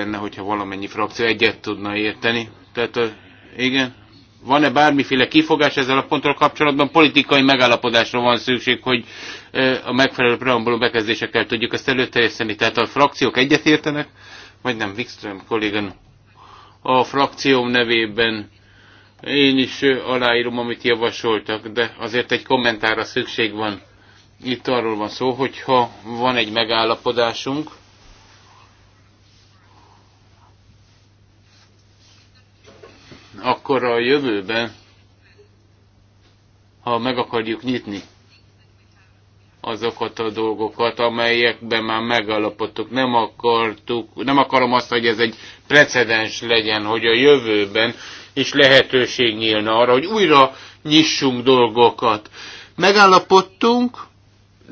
lenne, hogyha valamennyi frakció egyet tudna érteni. Tehát igen, van-e bármiféle kifogás ezzel a ponttal kapcsolatban? Politikai megállapodásra van szükség, hogy a megfelelő preambuló bekezdésekkel tudjuk ezt előterjeszteni. Tehát a frakciók egyet értenek, vagy nem, Wikström kollégan a frakcióm nevében én is aláírom, amit javasoltak, de azért egy kommentára szükség van. Itt arról van szó, hogyha van egy megállapodásunk, akkor a jövőben, ha meg akarjuk nyitni azokat a dolgokat, amelyekben már megalapodtuk. Nem akartuk, nem akarom azt, hogy ez egy precedens legyen, hogy a jövőben is lehetőség nyílna arra, hogy újra nyissunk dolgokat. Megállapodtunk,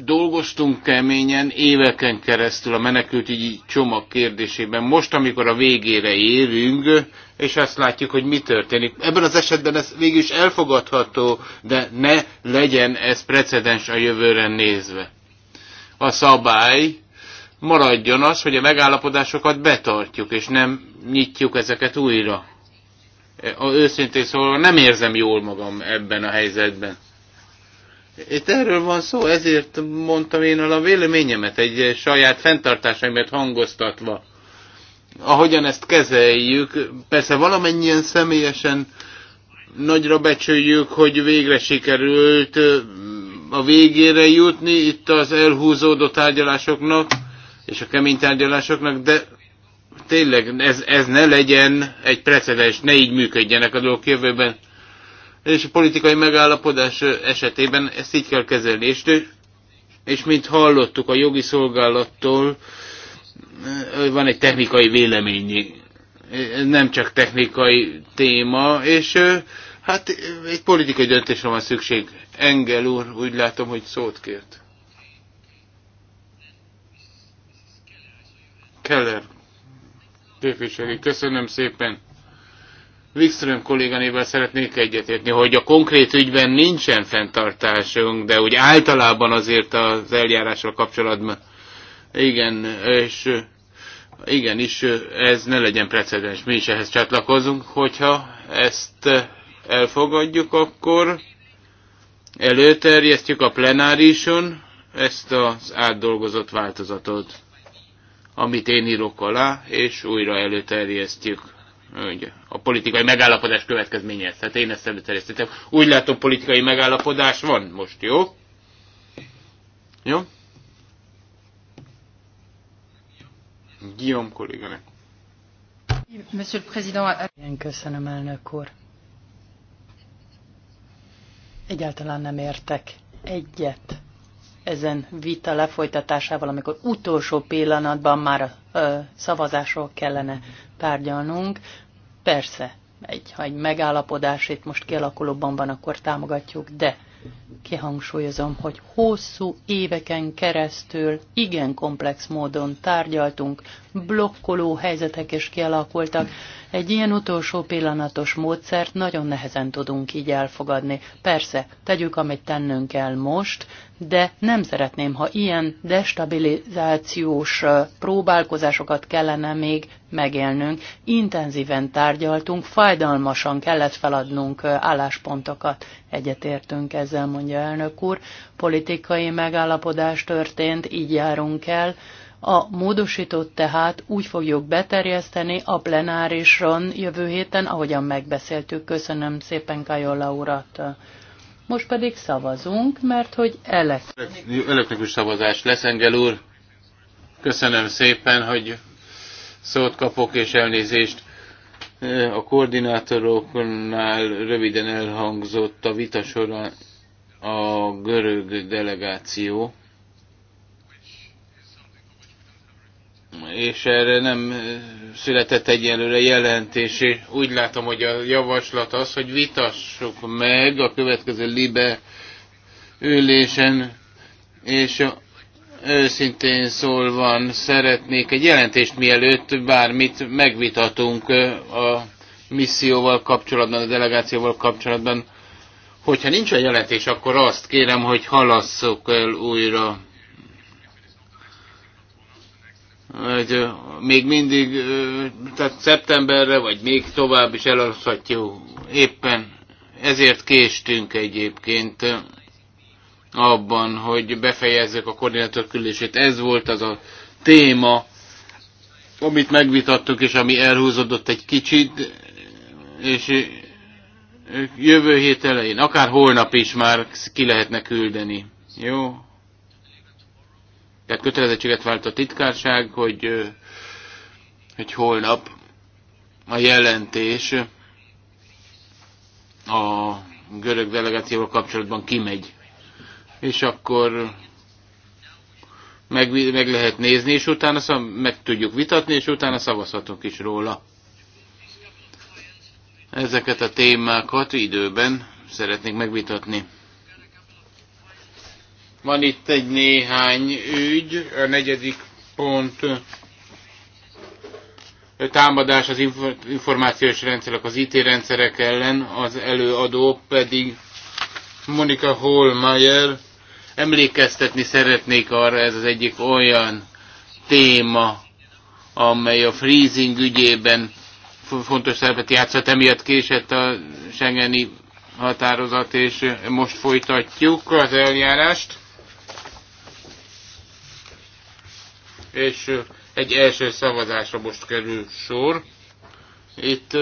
dolgoztunk keményen éveken keresztül a menekültügyi csomag kérdésében. Most, amikor a végére érünk, és azt látjuk, hogy mi történik. Ebben az esetben ez végül is elfogadható, de ne legyen ez precedens a jövőre nézve. A szabály maradjon az, hogy a megállapodásokat betartjuk, és nem nyitjuk ezeket újra. A őszintén szólva nem érzem jól magam ebben a helyzetben. Itt erről van szó, ezért mondtam én a véleményemet, egy saját fenntartásaimat hangoztatva. Ahogyan ezt kezeljük, persze valamennyien személyesen nagyra becsüljük, hogy végre sikerült a végére jutni itt az elhúzódó tárgyalásoknak és a kemény tárgyalásoknak, de tényleg ez, ez ne legyen egy precedens, ne így működjenek a dolgok jövőben és a politikai megállapodás esetében ezt így kell kezelni. És, és mint hallottuk a jogi szolgálattól, van egy technikai vélemény, nem csak technikai téma, és hát egy politikai döntésre van szükség. Engel úr, úgy látom, hogy szót kért. Keller képviselő, köszönöm szépen. Wikström kolléganével szeretnék egyetértni, hogy a konkrét ügyben nincsen fenntartásunk, de úgy általában azért az eljárással kapcsolatban igen, és igenis ez ne legyen precedens, mi is ehhez csatlakozunk, hogyha ezt elfogadjuk, akkor előterjesztjük a plenárison ezt az átdolgozott változatot, amit én írok alá, és újra előterjesztjük a politikai megállapodás következménye. Tehát én ezt előterjesztettem. Úgy látom, politikai megállapodás van most, jó? Jó? Guillaume kolléganek. Monsieur le Président. Én euh, köszönöm, elnök úr. Egyáltalán nem értek egyet ezen vita lefolytatásával, amikor utolsó pillanatban már a szavazásról kellene tárgyalnunk. Persze, egy, ha egy megállapodás itt most kialakulóban van, akkor támogatjuk, de kihangsúlyozom, hogy hosszú éveken keresztül igen komplex módon tárgyaltunk, blokkoló helyzetek is kialakultak, egy ilyen utolsó pillanatos módszert nagyon nehezen tudunk így elfogadni. Persze, tegyük, amit tennünk kell most, de nem szeretném, ha ilyen destabilizációs próbálkozásokat kellene még megélnünk. Intenzíven tárgyaltunk, fájdalmasan kellett feladnunk álláspontokat. Egyetértünk ezzel, mondja elnök úr. Politikai megállapodás történt, így járunk el. A módosítót tehát úgy fogjuk beterjeszteni a plenárison jövő héten, ahogyan megbeszéltük. Köszönöm szépen Kajola urat. Most pedig szavazunk, mert hogy elektronikus. Elektronikus szavazás lesz, Engel úr. Köszönöm szépen, hogy szót kapok és elnézést. A koordinátoroknál röviden elhangzott a vita során a görög delegáció és erre nem eh, született egyelőre jelentés. Úgy látom, hogy a javaslat az, hogy vitassuk meg a következő libe ülésen, és őszintén szólva szeretnék egy jelentést, mielőtt bármit megvitatunk eh, a misszióval kapcsolatban, a delegációval kapcsolatban. Hogyha nincs a jelentés, akkor azt kérem, hogy halasszuk el újra hogy még mindig, tehát szeptemberre, vagy még tovább is elalszhatjuk. Éppen ezért késtünk egyébként abban, hogy befejezzük a koordinátor küldését. Ez volt az a téma, amit megvitattuk, és ami elhúzódott egy kicsit, és jövő hét elején, akár holnap is már ki lehetne küldeni. Jó? Tehát kötelezettséget vált a titkárság, hogy, hogy holnap a jelentés a görög delegációval kapcsolatban kimegy. És akkor meg, meg lehet nézni, és utána szav, meg tudjuk vitatni, és utána szavazhatunk is róla. Ezeket a témákat időben szeretnék megvitatni. Van itt egy néhány ügy, a negyedik pont támadás az információs rendszerek, az IT rendszerek ellen, az előadó pedig Monika Holmeyer. Emlékeztetni szeretnék arra, ez az egyik olyan téma, amely a freezing ügyében fontos szerepet játszott, emiatt késett a Schengeni határozat, és most folytatjuk az eljárást. és egy első szavazásra most kerül sor. Itt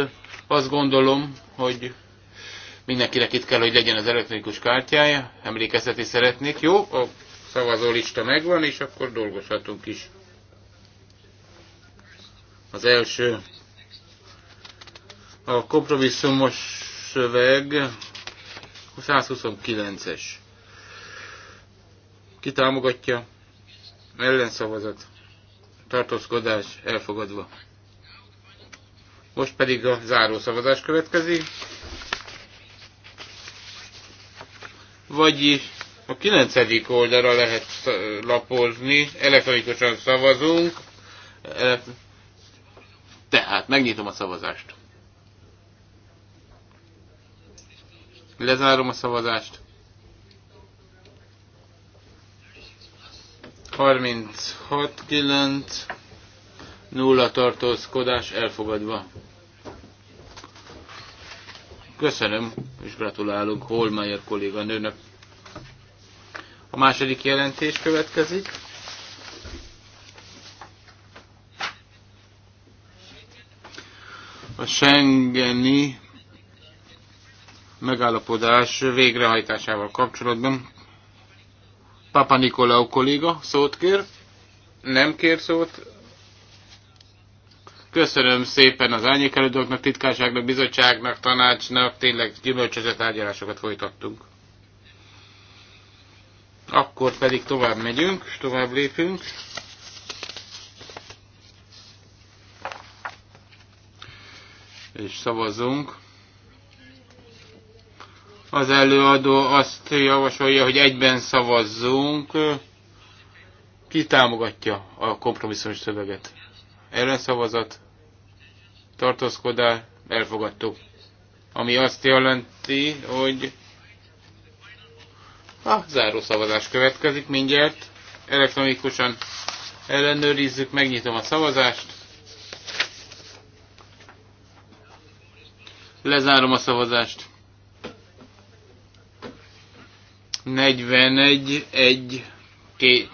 azt gondolom, hogy mindenkinek itt kell, hogy legyen az elektronikus kártyája, emlékezeti szeretnék. Jó, a szavazólista megvan, és akkor dolgozhatunk is. Az első a kompromisszumos szöveg 129-es. Ki támogatja? Ellenszavazat tartózkodás elfogadva. Most pedig a záró szavazás következik. Vagyis a 9. oldalra lehet lapozni, elektronikusan szavazunk, tehát megnyitom a szavazást. Lezárom a szavazást. 36-9 nulla tartózkodás elfogadva. Köszönöm, és gratulálunk Holmeyer kolléganőnek. A második jelentés következik. A Schengeni megállapodás végrehajtásával kapcsolatban Papa Nikolau kolléga szót kér. Nem kér szót. Köszönöm szépen az árnyékelődőknek, titkárságnak, bizottságnak, tanácsnak. Tényleg gyümölcsözött tárgyalásokat folytattunk. Akkor pedig tovább megyünk, és tovább lépünk. És szavazunk. Az előadó azt javasolja, hogy egyben szavazzunk. Ki támogatja a kompromisszumos szöveget? Ellenszavazat, tartózkodás, elfogadtuk. Ami azt jelenti, hogy a záró szavazás következik mindjárt. Elektronikusan ellenőrizzük, megnyitom a szavazást. Lezárom a szavazást. 41, 1, 2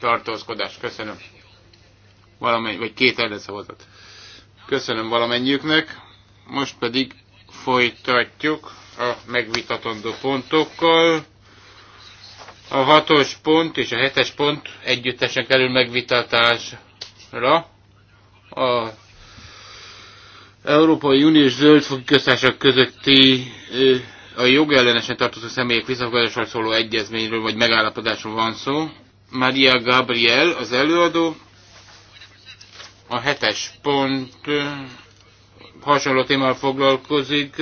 tartózkodás. Köszönöm. Valamennyi, vagy két ellenszavazat. Köszönöm valamennyiüknek. Most pedig folytatjuk a megvitatandó pontokkal. A hatos pont és a hetes pont együttesen kerül megvitatásra. A Európai Uniós Zöld Köztársaság közötti a jogellenesen tartozó személyek visszafogadásról szóló egyezményről vagy megállapodásról van szó. Maria Gabriel az előadó. A hetes pont hasonló témával foglalkozik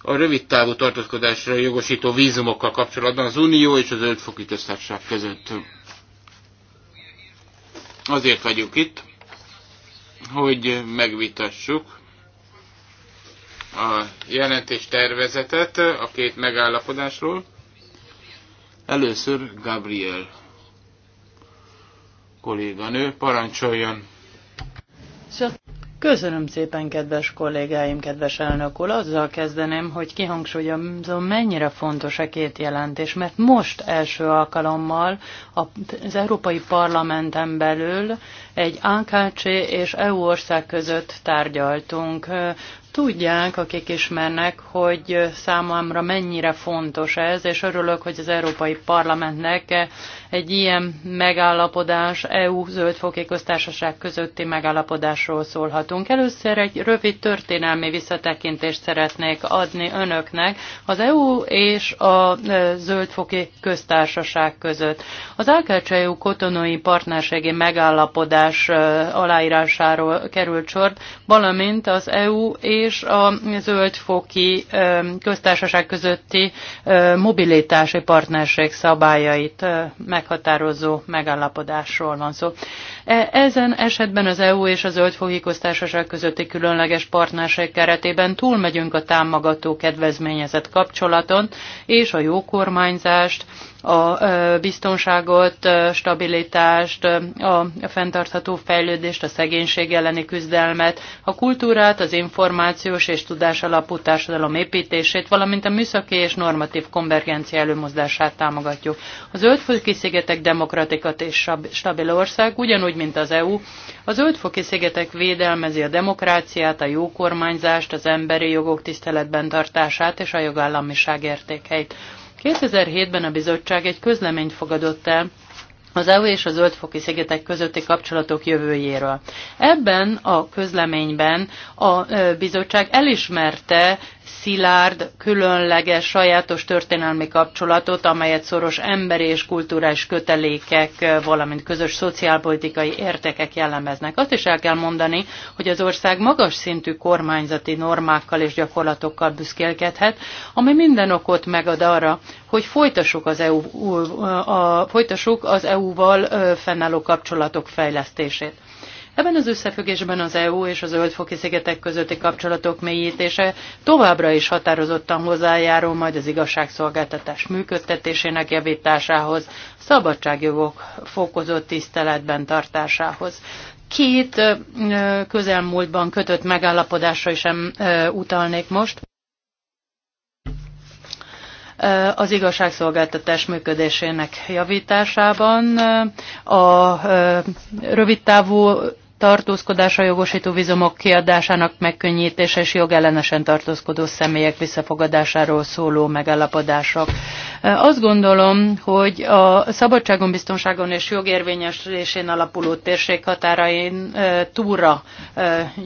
a rövid távú tartózkodásra jogosító vízumokkal kapcsolatban az Unió és az Öldfoki Köztársaság között. Azért vagyunk itt, hogy megvitassuk a jelentés tervezetet a két megállapodásról. Először Gabriel kolléganő, parancsoljon! Köszönöm szépen, kedves kollégáim, kedves elnök úr. Azzal kezdeném, hogy kihangsúlyozom, mennyire fontos a két jelentés, mert most első alkalommal az Európai Parlamenten belül egy AKC és EU ország között tárgyaltunk Tudják, akik ismernek, hogy számomra mennyire fontos ez, és örülök, hogy az Európai Parlamentnek egy ilyen megállapodás, EU zöld köztársaság közötti megállapodásról szólhatunk. Először egy rövid történelmi visszatekintést szeretnék adni önöknek az EU és a e, zöld köztársaság között. Az AKC EU kotonói partnerségi megállapodás e, aláírásáról került sor, valamint az EU és és a zöldfoki köztársaság közötti mobilitási partnerség szabályait meghatározó megállapodásról van szó. E, ezen esetben az EU és a zöldfoki köztársaság közötti különleges partnerség keretében túlmegyünk a támogató kedvezményezett kapcsolaton és a jó kormányzást, a biztonságot, stabilitást, a fenntartható fejlődést, a szegénység elleni küzdelmet, a kultúrát, az információs és tudás alapú társadalom építését, valamint a műszaki és normatív konvergencia előmozdását támogatjuk. A zöldfoki szigetek demokratikat és stabil ország, ugyanúgy, mint az EU. A zöldfoki szigetek védelmezi a demokráciát, a jó kormányzást, az emberi jogok tiszteletben tartását és a jogállamiság értékeit. 2007-ben a bizottság egy közleményt fogadott el, az EU és a zöldfoki szigetek közötti kapcsolatok jövőjéről. Ebben a közleményben a bizottság elismerte szilárd, különleges, sajátos történelmi kapcsolatot, amelyet szoros emberi és kulturális kötelékek, valamint közös szociálpolitikai értékek jellemeznek. Azt is el kell mondani, hogy az ország magas szintű kormányzati normákkal és gyakorlatokkal büszkélkedhet, ami minden okot megad arra, hogy folytassuk az, EU, a, folytassuk az EU-val fennálló kapcsolatok fejlesztését. Ebben az összefüggésben az EU és az öldfoki szigetek közötti kapcsolatok mélyítése továbbra is határozottan hozzájárul majd az igazságszolgáltatás működtetésének javításához, szabadságjogok fokozott tiszteletben tartásához két közelmúltban kötött megállapodásra is utalnék most. Az igazságszolgáltatás működésének javításában a rövidtávú tartózkodásra jogosító vizumok kiadásának megkönnyítése és jogellenesen tartózkodó személyek visszafogadásáról szóló megállapodások. Azt gondolom, hogy a szabadságon, biztonságon és jogérvényesülésén alapuló térség határain túlra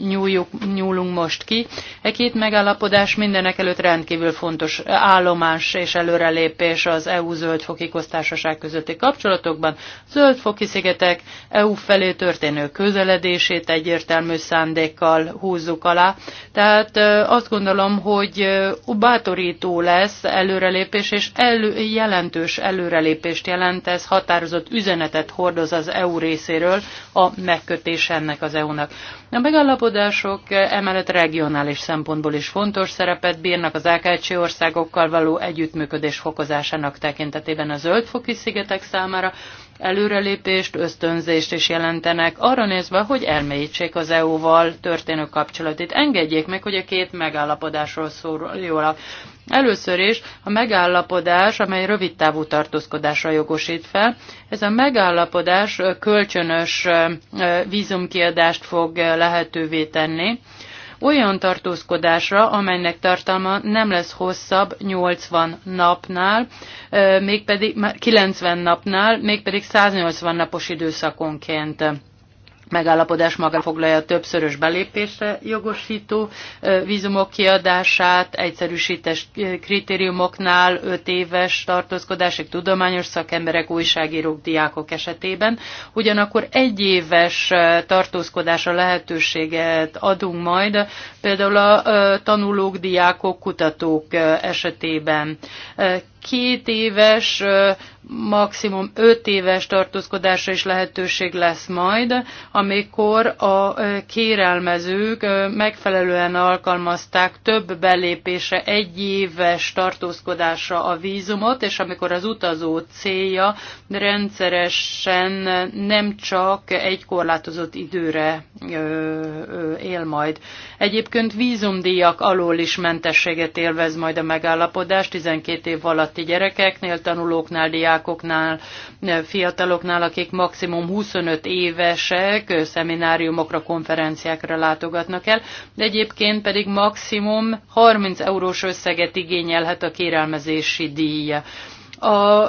nyúljuk, nyúlunk most ki. E két megállapodás mindenek előtt rendkívül fontos állomás és előrelépés az EU zöldfoki köztársaság közötti kapcsolatokban, zöldfoki szigetek, EU felé történő közeledés, működését egyértelmű szándékkal húzzuk alá. Tehát azt gondolom, hogy bátorító lesz előrelépés, és elő, jelentős előrelépést jelent, ez határozott üzenetet hordoz az EU részéről a megkötés ennek az EU-nak. A megállapodások emellett regionális szempontból is fontos szerepet bírnak az AKC országokkal való együttműködés fokozásának tekintetében a zöldfoki szigetek számára, előrelépést, ösztönzést is jelentenek, arra nézve, hogy elmélyítsék az EU-val történő kapcsolatit. Engedjék meg, hogy a két megállapodásról szóljólak. Először is a megállapodás, amely rövid távú tartózkodásra jogosít fel. Ez a megállapodás kölcsönös vízumkiadást fog lehetővé tenni olyan tartózkodásra, amelynek tartalma nem lesz hosszabb 80 napnál, mégpedig 90 napnál, mégpedig 180 napos időszakonként megállapodás maga foglalja többszörös belépésre jogosító vízumok kiadását, egyszerűsítés kritériumoknál 5 éves tartózkodásig tudományos szakemberek, újságírók, diákok esetében. Ugyanakkor egy éves tartózkodásra lehetőséget adunk majd például a tanulók, diákok, kutatók esetében két éves, maximum öt éves tartózkodásra is lehetőség lesz majd, amikor a kérelmezők megfelelően alkalmazták több belépése egy éves tartózkodásra a vízumot, és amikor az utazó célja rendszeresen nem csak egy korlátozott időre él majd. Egyébként vízumdíjak alól is mentességet élvez majd a megállapodás 12 év alatt alatti gyerekeknél, tanulóknál, diákoknál, fiataloknál, akik maximum 25 évesek, szemináriumokra, konferenciákra látogatnak el, de egyébként pedig maximum 30 eurós összeget igényelhet a kérelmezési díj. A,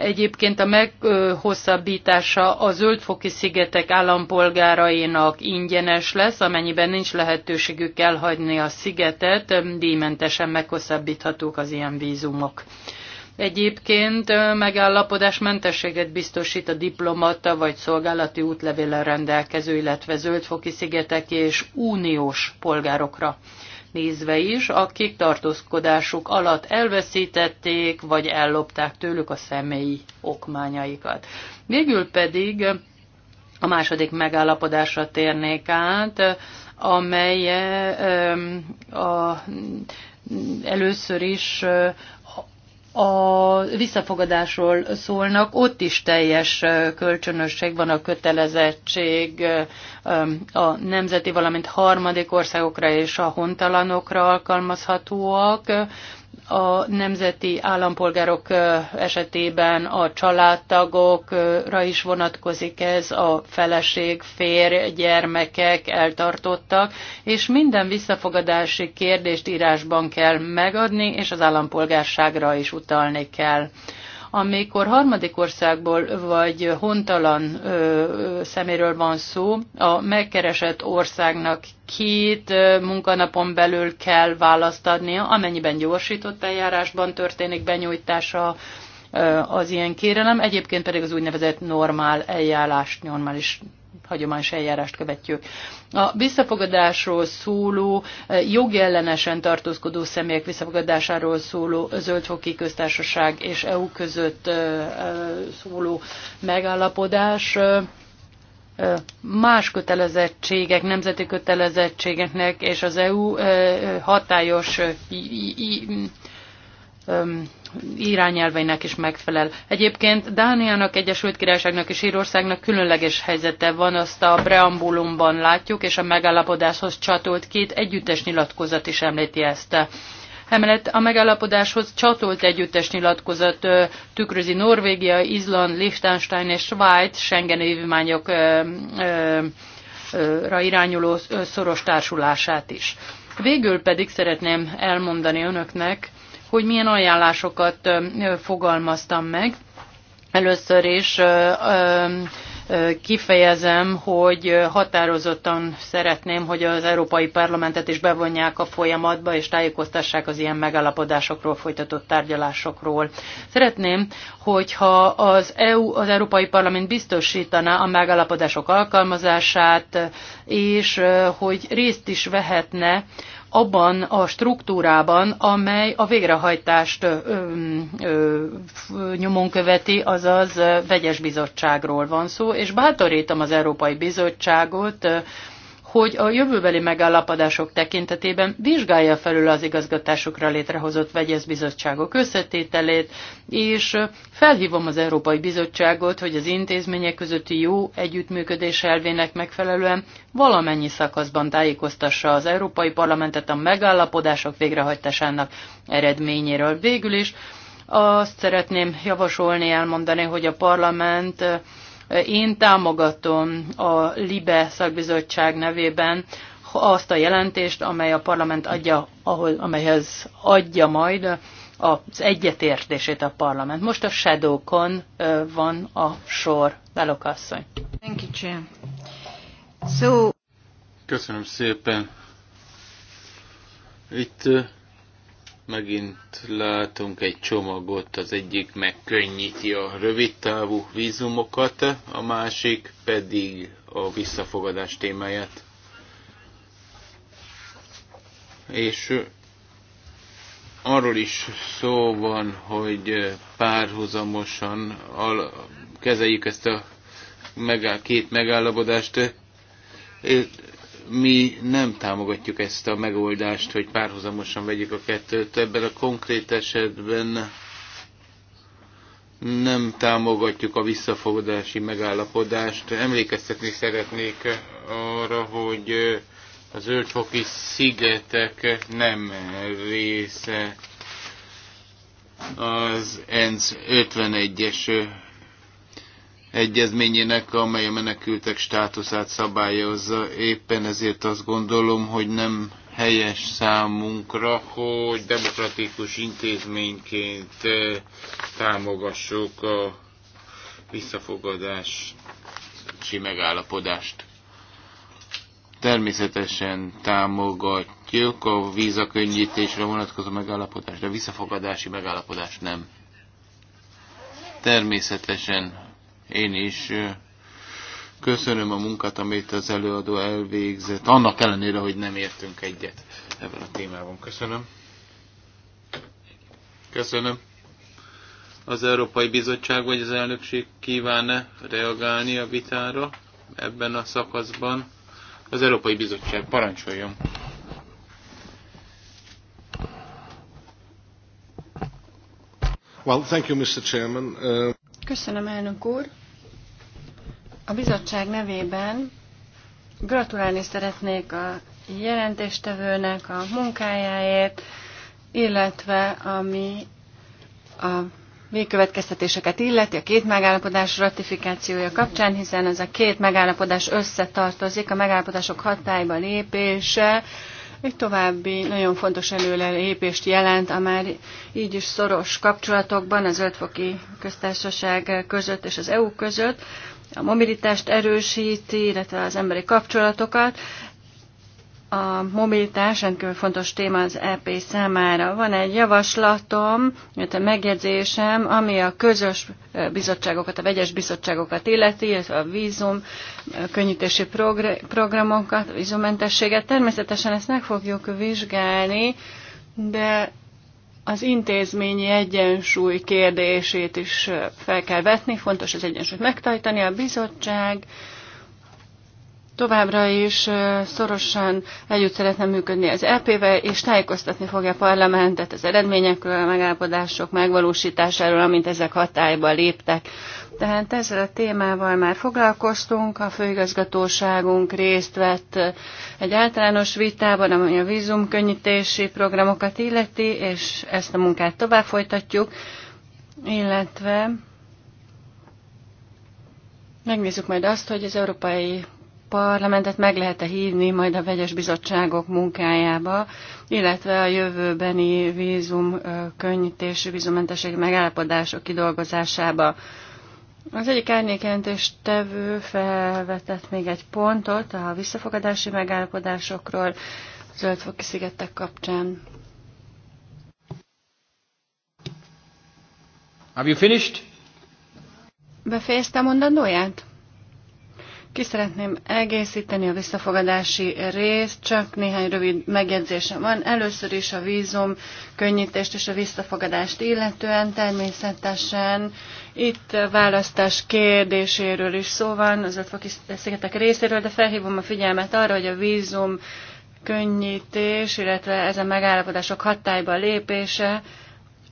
Egyébként a meghosszabbítása a zöldfoki szigetek állampolgárainak ingyenes lesz, amennyiben nincs lehetőségük elhagyni a szigetet, díjmentesen meghosszabbíthatók az ilyen vízumok. Egyébként megállapodás mentességet biztosít a diplomata vagy szolgálati útlevéllel rendelkező, illetve zöldfoki szigetek és uniós polgárokra nézve is, akik tartózkodásuk alatt elveszítették, vagy ellopták tőlük a személyi okmányaikat. Végül pedig a második megállapodásra térnék át, amely a, először is a visszafogadásról szólnak, ott is teljes kölcsönösség van a kötelezettség a nemzeti, valamint harmadik országokra és a hontalanokra alkalmazhatóak a nemzeti állampolgárok esetében a családtagokra is vonatkozik ez, a feleség, férj, gyermekek, eltartottak, és minden visszafogadási kérdést írásban kell megadni, és az állampolgárságra is utalni kell. Amikor harmadik országból vagy hontalan szeméről van szó, a megkeresett országnak két munkanapon belül kell választ adnia, amennyiben gyorsított eljárásban történik benyújtása az ilyen kérelem, egyébként pedig az úgynevezett normál eljárást, normális hagyományos eljárást követjük. A visszafogadásról szóló, eh, jogellenesen tartózkodó személyek visszafogadásáról szóló Zöldfoki Köztársaság és EU között eh, eh, szóló megállapodás más kötelezettségek, nemzeti kötelezettségeknek és az EU hatályos irányelveinek is megfelel. Egyébként Dániának, Egyesült Királyságnak és Írországnak különleges helyzete van, azt a preambulumban látjuk, és a megállapodáshoz csatolt két együttes nyilatkozat is említi ezt. Emellett a megállapodáshoz csatolt együttes nyilatkozat tükrözi Norvégia, Izland, Liechtenstein és Svájc Schengen évmányokra irányuló szoros társulását is. Végül pedig szeretném elmondani önöknek, hogy milyen ajánlásokat fogalmaztam meg. Először is kifejezem, hogy határozottan szeretném, hogy az Európai Parlamentet is bevonják a folyamatba, és tájékoztassák az ilyen megállapodásokról folytatott tárgyalásokról. Szeretném, hogyha az, EU, az Európai Parlament biztosítaná a megállapodások alkalmazását, és hogy részt is vehetne abban a struktúrában, amely a végrehajtást ö, ö, nyomon követi, azaz vegyes bizottságról van szó, és bátorítom az Európai Bizottságot, ö, hogy a jövőbeli megállapodások tekintetében vizsgálja felül az igazgatásokra létrehozott vegyes bizottságok összetételét, és felhívom az Európai Bizottságot, hogy az intézmények közötti jó együttműködés elvének megfelelően valamennyi szakaszban tájékoztassa az Európai Parlamentet a megállapodások végrehajtásának eredményéről. Végül is azt szeretném javasolni, elmondani, hogy a parlament én támogatom a LIBE szakbizottság nevében azt a jelentést, amely a parlament adja, ahol, amelyhez adja majd az egyetértését a parlament. Most a shadowkon van a sor. Lelokasszony. Thank you, Chair. So... Köszönöm szépen. Itt megint látunk egy csomagot, az egyik megkönnyíti a rövidtávú vízumokat, a másik pedig a visszafogadás témáját. És arról is szó van, hogy párhuzamosan kezeljük ezt a megáll, két megállapodást mi nem támogatjuk ezt a megoldást, hogy párhuzamosan vegyük a kettőt. Ebben a konkrét esetben nem támogatjuk a visszafogadási megállapodást. Emlékeztetni szeretnék arra, hogy az ölcsoki szigetek nem része az ENSZ 51-es egyezményének, amely a menekültek státuszát szabályozza. Éppen ezért azt gondolom, hogy nem helyes számunkra, hogy demokratikus intézményként eh, támogassuk a visszafogadási megállapodást. Természetesen támogatjuk a vízakönnyítésre vonatkozó megállapodást, de visszafogadási megállapodást nem. Természetesen én is köszönöm a munkát, amit az előadó elvégzett, annak ellenére, hogy nem értünk egyet ebben a témában. Köszönöm. Köszönöm. Az Európai Bizottság vagy az elnökség kíván-e reagálni a vitára ebben a szakaszban? Az Európai Bizottság parancsoljon. Well, thank you, Mr. Chairman. Uh... Köszönöm, elnök úr. A bizottság nevében gratulálni szeretnék a jelentéstevőnek a munkájáért, illetve ami a végkövetkeztetéseket illeti a két megállapodás ratifikációja kapcsán, hiszen ez a két megállapodás összetartozik, a megállapodások hatályba lépése, egy további nagyon fontos előrelépést jelent a már így is szoros kapcsolatokban az Ötfoki Köztársaság között és az EU között. A mobilitást erősíti, illetve az emberi kapcsolatokat. A mobilitás rendkívül fontos téma az EP számára. Van egy javaslatom, illetve megjegyzésem, ami a közös bizottságokat, a vegyes bizottságokat illeti, illetve a vízum könnyítési programokat, a vízummentességet. Természetesen ezt meg fogjuk vizsgálni, de az intézményi egyensúly kérdését is fel kell vetni, fontos az egyensúlyt megtartani. A bizottság továbbra is szorosan együtt szeretne működni az EP-vel, és tájékoztatni fogja a parlamentet az eredményekről, a megállapodások megvalósításáról, amint ezek hatályba léptek. Tehát ezzel a témával már foglalkoztunk, a főigazgatóságunk részt vett egy általános vitában, ami a vízumkönnyítési programokat illeti, és ezt a munkát tovább folytatjuk, illetve megnézzük majd azt, hogy az Európai parlamentet meg lehet-e hívni majd a vegyes bizottságok munkájába, illetve a jövőbeni vízum könnyítés, vízummentesség megállapodások kidolgozásába. Az egyik tevő felvetett még egy pontot a visszafogadási megállapodásokról zöldfoki szigetek kapcsán. Have you finished? Befejezte a mondandóját? Ki szeretném egészíteni a visszafogadási részt, csak néhány rövid megjegyzésem van. Először is a vízum könnyítést és a visszafogadást illetően természetesen itt választás kérdéséről is szó van az ötfoki szigetek részéről, de felhívom a figyelmet arra, hogy a vízum könnyítés, illetve ezen megállapodások hatályba lépése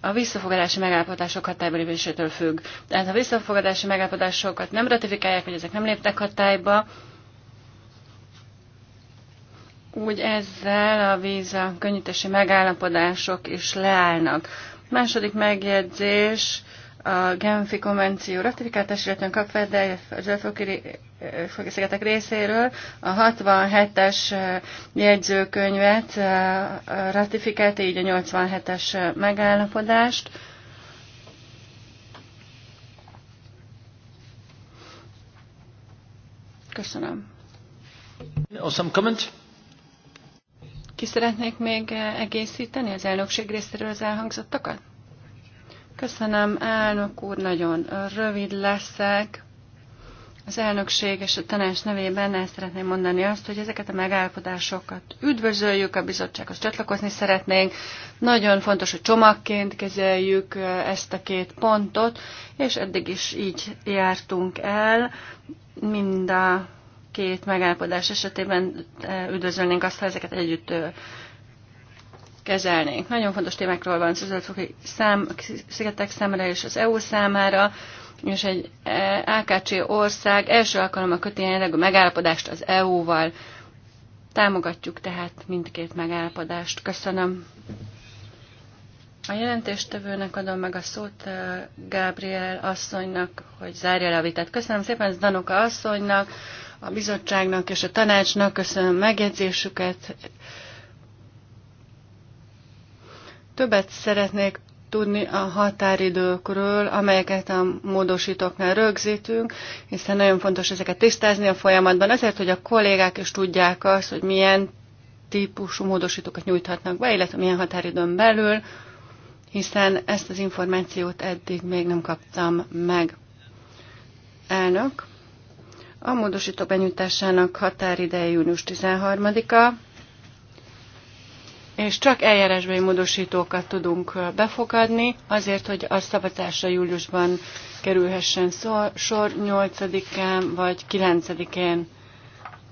a visszafogadási megállapodások hatályba lépésétől függ. Tehát ha visszafogadási megállapodásokat nem ratifikálják, vagy ezek nem léptek hatályba, úgy ezzel a víza könnyítési megállapodások is leállnak. Második megjegyzés, a Genfi konvenció ratifikálása illetően kap az szigetek részéről a 67-es jegyzőkönyvet ratifikálta, így a 87-es megállapodást. Köszönöm. Awesome comment. Ki szeretnék még egészíteni az elnökség részéről az elhangzottakat? Köszönöm, elnök úr, nagyon rövid leszek. Az elnökség és a tanács nevében el szeretném mondani azt, hogy ezeket a megállapodásokat üdvözöljük, a bizottsághoz csatlakozni szeretnénk. Nagyon fontos, hogy csomagként kezeljük ezt a két pontot, és eddig is így jártunk el. Mind a két megállapodás esetében üdvözölnénk azt, ha ezeket együtt kezelnénk. Nagyon fontos témákról van szó, szóval, szám, szigetek számára és az EU számára és egy e, AKC ország első alkalommal köti jelenleg a megállapodást az EU-val. Támogatjuk tehát mindkét megállapodást. Köszönöm. A jelentéstevőnek adom meg a szót e, Gábriel asszonynak, hogy zárja le a vitát. Köszönöm szépen Danuka asszonynak, a bizottságnak és a tanácsnak, köszönöm megjegyzésüket. Többet szeretnék tudni a határidőkről, amelyeket a módosítóknál rögzítünk, hiszen nagyon fontos ezeket tisztázni a folyamatban, azért, hogy a kollégák is tudják azt, hogy milyen típusú módosítókat nyújthatnak be, illetve milyen határidőn belül, hiszen ezt az információt eddig még nem kaptam meg. Elnök, a módosítók benyújtásának határideje június 13-a, és csak eljárásbeli módosítókat tudunk befogadni, azért, hogy a szavazásra júliusban kerülhessen szor, sor 8-án vagy 9-én.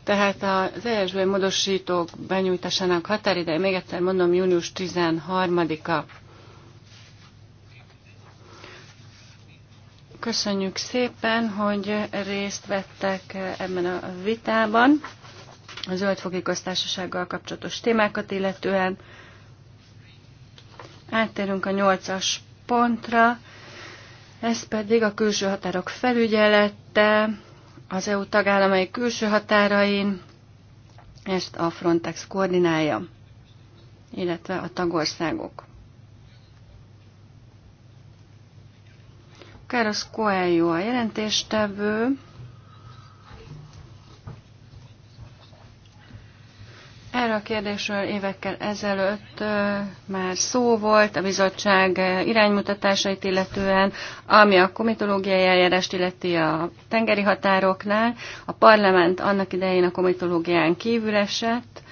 Tehát az eljárásbeli módosítók benyújtásának határideje, még egyszer mondom, június 13-a. Köszönjük szépen, hogy részt vettek ebben a vitában a zöld köztársasággal kapcsolatos témákat illetően. Áttérünk a nyolcas pontra, ez pedig a külső határok felügyelete, az EU tagállamai külső határain, ezt a Frontex koordinálja, illetve a tagországok. Káros Coelho a jelentéstevő, Erre a kérdésről évekkel ezelőtt már szó volt a bizottság iránymutatásait illetően, ami a komitológiai eljárást illeti a tengeri határoknál. A parlament annak idején a komitológián kívül esett,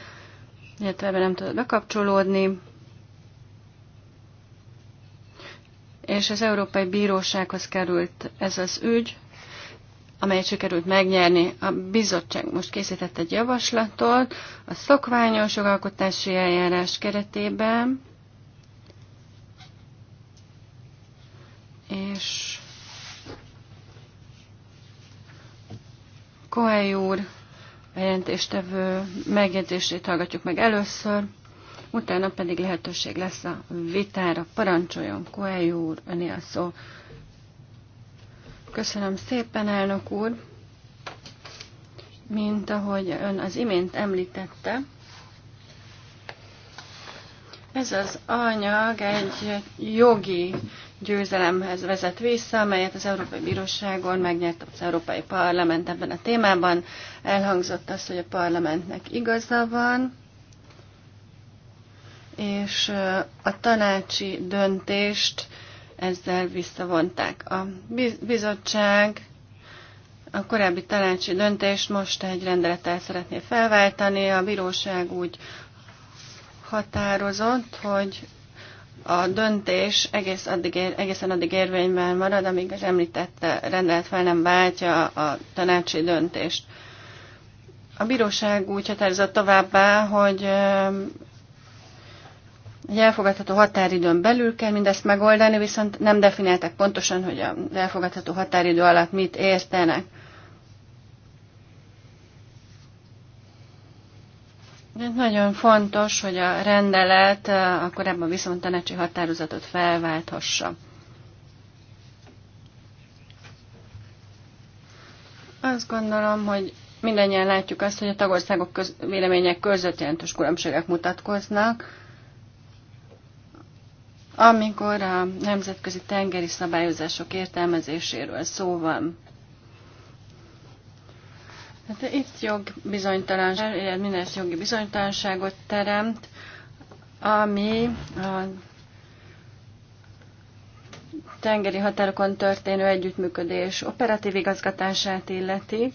illetve ebben nem tudott bekapcsolódni. És az Európai Bírósághoz került ez az ügy, amelyet sikerült megnyerni. A bizottság most készített egy javaslatot a szokványos jogalkotási eljárás keretében, és Koei úr jelentéstevő megjegyzését hallgatjuk meg először, utána pedig lehetőség lesz a vitára. Parancsoljon, Koei úr, öné a szó. Köszönöm szépen, elnök úr. Mint ahogy ön az imént említette, ez az anyag egy jogi győzelemhez vezet vissza, amelyet az Európai Bíróságon megnyert az Európai Parlament ebben a témában. Elhangzott az, hogy a parlamentnek igaza van, és a tanácsi döntést ezzel visszavonták. A bizottság a korábbi tanácsi döntést most egy rendelettel szeretné felváltani. A bíróság úgy határozott, hogy a döntés egész addig, egészen addig érvényben marad, amíg az említett rendelet fel nem váltja a tanácsi döntést. A bíróság úgy határozott továbbá, hogy egy elfogadható határidőn belül kell mindezt megoldani, viszont nem definiálták pontosan, hogy az elfogadható határidő alatt mit értenek. De nagyon fontos, hogy a rendelet a korábban viszont tanácsi határozatot felválthassa. Azt gondolom, hogy mindannyian látjuk azt, hogy a tagországok köz, vélemények között jelentős különbségek mutatkoznak amikor a nemzetközi tengeri szabályozások értelmezéséről szó van. De hát itt bizonytalanság, minden jogi bizonytalanságot teremt, ami a tengeri határokon történő együttműködés operatív igazgatását illeti,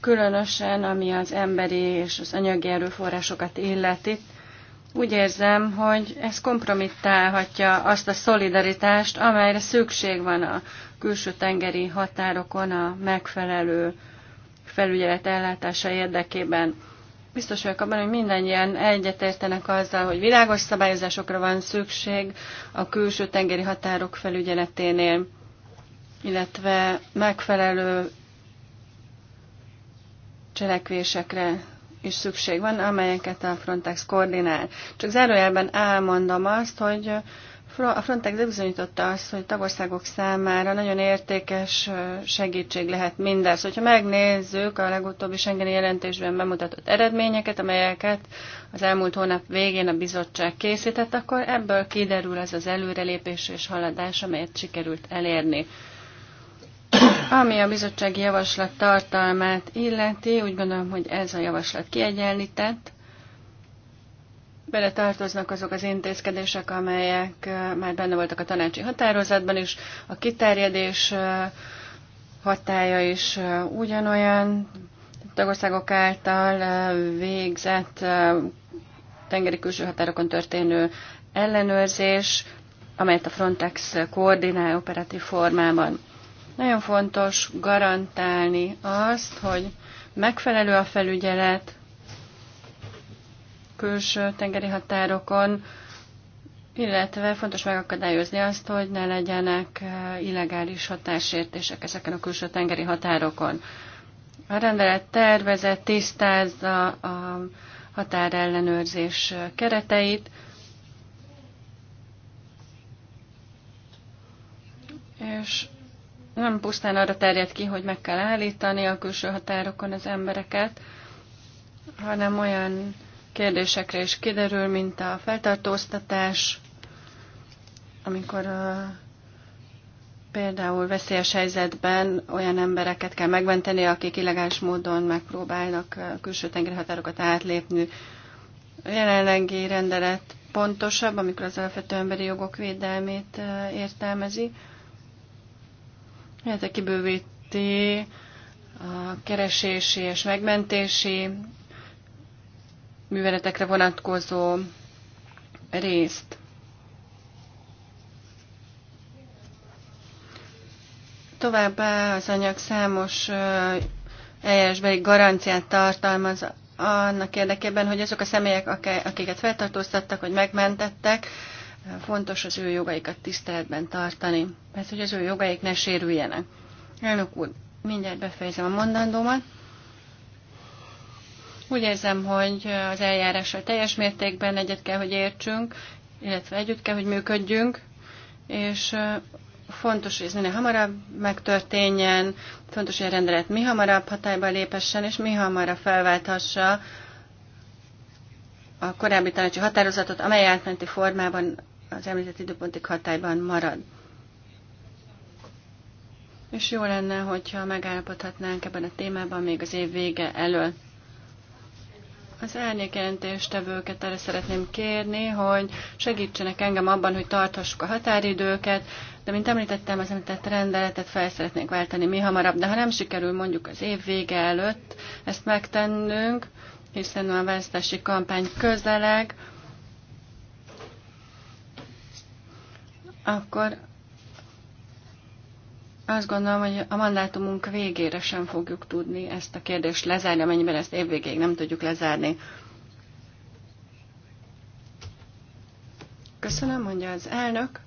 különösen ami az emberi és az anyagi erőforrásokat illeti, úgy érzem, hogy ez kompromittálhatja azt a szolidaritást, amelyre szükség van a külső tengeri határokon a megfelelő felügyelet ellátása érdekében. Biztos vagyok abban, hogy mindannyian egyetértenek azzal, hogy világos szabályozásokra van szükség a külső tengeri határok felügyeleténél, illetve megfelelő cselekvésekre is szükség van, amelyeket a Frontex koordinál. Csak zárójelben elmondom azt, hogy a Frontex bizonyította azt, hogy tagországok számára nagyon értékes segítség lehet mindez. Hogyha megnézzük a legutóbbi Schengeni jelentésben bemutatott eredményeket, amelyeket az elmúlt hónap végén a bizottság készített, akkor ebből kiderül ez az előrelépés és haladás, amelyet sikerült elérni. Ami a bizottsági javaslat tartalmát illeti, úgy gondolom, hogy ez a javaslat kiegyenlített. Bele tartoznak azok az intézkedések, amelyek már benne voltak a tanácsi határozatban is. A kiterjedés hatája is ugyanolyan tagországok által végzett tengeri külső határokon történő ellenőrzés, amelyet a Frontex koordinál operatív formában. Nagyon fontos garantálni azt, hogy megfelelő a felügyelet külső tengeri határokon, illetve fontos megakadályozni azt, hogy ne legyenek eh, illegális hatásértések ezeken a külső tengeri határokon. A rendelet tervezet tisztázza a határellenőrzés kereteit, és nem pusztán arra terjed ki, hogy meg kell állítani a külső határokon az embereket, hanem olyan kérdésekre is kiderül, mint a feltartóztatás, amikor a, például veszélyes helyzetben olyan embereket kell megmenteni, akik illegális módon megpróbálnak külső tengeri határokat átlépni. A jelenlegi rendelet pontosabb, amikor az alapvető emberi jogok védelmét értelmezi illetve kibővíti a keresési és megmentési műveletekre vonatkozó részt. Továbbá az anyag számos eljárásbeli garanciát tartalmaz annak érdekében, hogy azok a személyek, akiket feltartóztattak, hogy megmentettek, fontos az ő jogaikat tiszteletben tartani, mert hogy az ő jogaik ne sérüljenek. Elnök úr, mindjárt befejezem a mondandómat. Úgy érzem, hogy az eljárással teljes mértékben egyet kell, hogy értsünk, illetve együtt kell, hogy működjünk, és fontos, hogy ez minél hamarabb megtörténjen, fontos, hogy a rendelet mi hamarabb hatályba lépessen, és mi hamarabb felválthassa a korábbi tanácsi határozatot, amely átmenti formában az említett időpontig hatályban marad. És jó lenne, hogyha megállapodhatnánk ebben a témában még az év vége elől. Az árnyékjelentéstevőket erre szeretném kérni, hogy segítsenek engem abban, hogy tarthassuk a határidőket, de mint említettem, az említett rendeletet fel szeretnénk váltani mi hamarabb, de ha nem sikerül mondjuk az év vége előtt ezt megtennünk, hiszen a választási kampány közeleg, akkor azt gondolom, hogy a mandátumunk végére sem fogjuk tudni ezt a kérdést lezárni, amennyiben ezt évvégéig nem tudjuk lezárni. Köszönöm, mondja az elnök.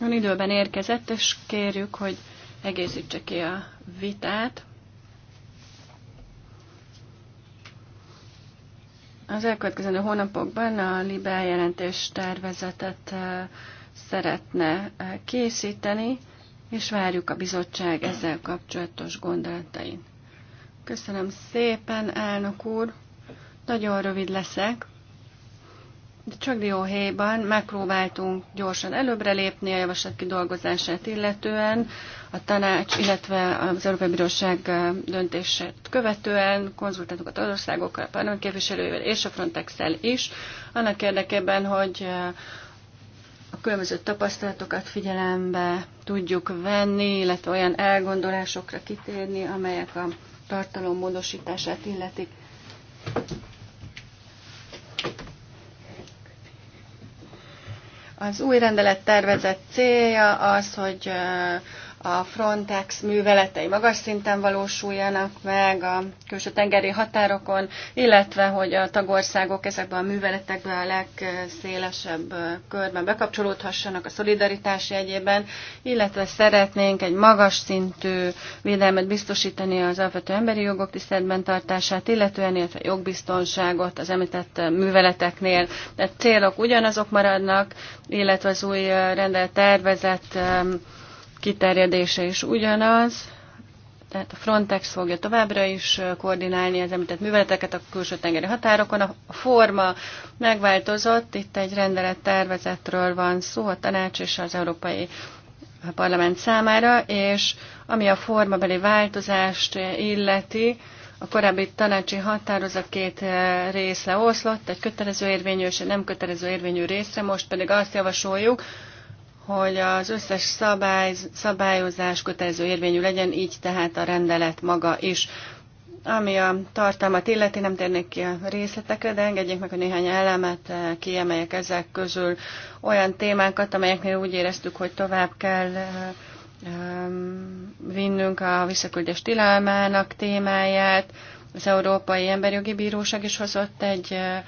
Ön időben érkezett, és kérjük, hogy egészítse ki a vitát. Az elkövetkező hónapokban a LIBE jelentés tervezetet szeretne készíteni, és várjuk a bizottság ezzel kapcsolatos gondolatain. Köszönöm szépen, elnök úr! Nagyon rövid leszek. De csak dióhéjban megpróbáltunk gyorsan előbbre lépni a javaslat kidolgozását illetően a tanács, illetve az Európai Bíróság döntését követően konzultáltuk az országokkal, a parlament képviselőivel és a frontex is, annak érdekében, hogy a különböző tapasztalatokat figyelembe tudjuk venni, illetve olyan elgondolásokra kitérni, amelyek a tartalom módosítását illetik. Az új rendelet tervezett célja az, hogy a Frontex műveletei magas szinten valósuljanak meg a külső tengeri határokon, illetve hogy a tagországok ezekben a műveletekben a legszélesebb körben bekapcsolódhassanak a szolidaritás jegyében, illetve szeretnénk egy magas szintű védelmet biztosítani az alapvető emberi jogok tiszteletben tartását, illetően illetve jogbiztonságot az említett műveleteknél. Tehát célok ugyanazok maradnak, illetve az új rendelt tervezett kiterjedése is ugyanaz, tehát a Frontex fogja továbbra is koordinálni az említett műveleteket a külső tengeri határokon. A forma megváltozott, itt egy rendelet tervezetről van szó a tanács és az Európai Parlament számára, és ami a formabeli változást illeti, a korábbi tanácsi határozat két részre oszlott, egy kötelező érvényű és egy nem kötelező érvényű részre, most pedig azt javasoljuk, hogy az összes szabály, szabályozás kötelező érvényű legyen, így tehát a rendelet maga is. Ami a tartalmat illeti, nem térnék ki a részletekre, de engedjék meg, hogy néhány elemet eh, kiemeljek ezek közül olyan témákat, amelyeknél úgy éreztük, hogy tovább kell eh, vinnünk a visszaküldés tilalmának témáját. Az Európai Emberjogi Bíróság is hozott egy eh,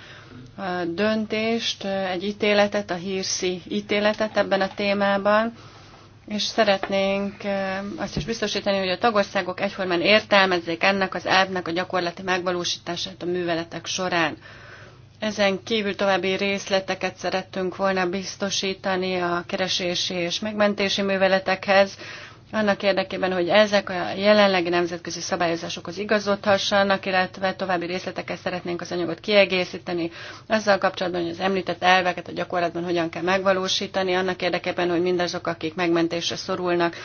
döntést, egy ítéletet, a hírszi ítéletet ebben a témában, és szeretnénk azt is biztosítani, hogy a tagországok egyformán értelmezzék ennek az elvnek a gyakorlati megvalósítását a műveletek során. Ezen kívül további részleteket szerettünk volna biztosítani a keresési és megmentési műveletekhez, annak érdekében, hogy ezek a jelenlegi nemzetközi szabályozásokhoz igazodhassanak, illetve további részletekkel szeretnénk az anyagot kiegészíteni, azzal kapcsolatban, hogy az említett elveket a gyakorlatban hogyan kell megvalósítani, annak érdekében, hogy mindazok, akik megmentésre szorulnak,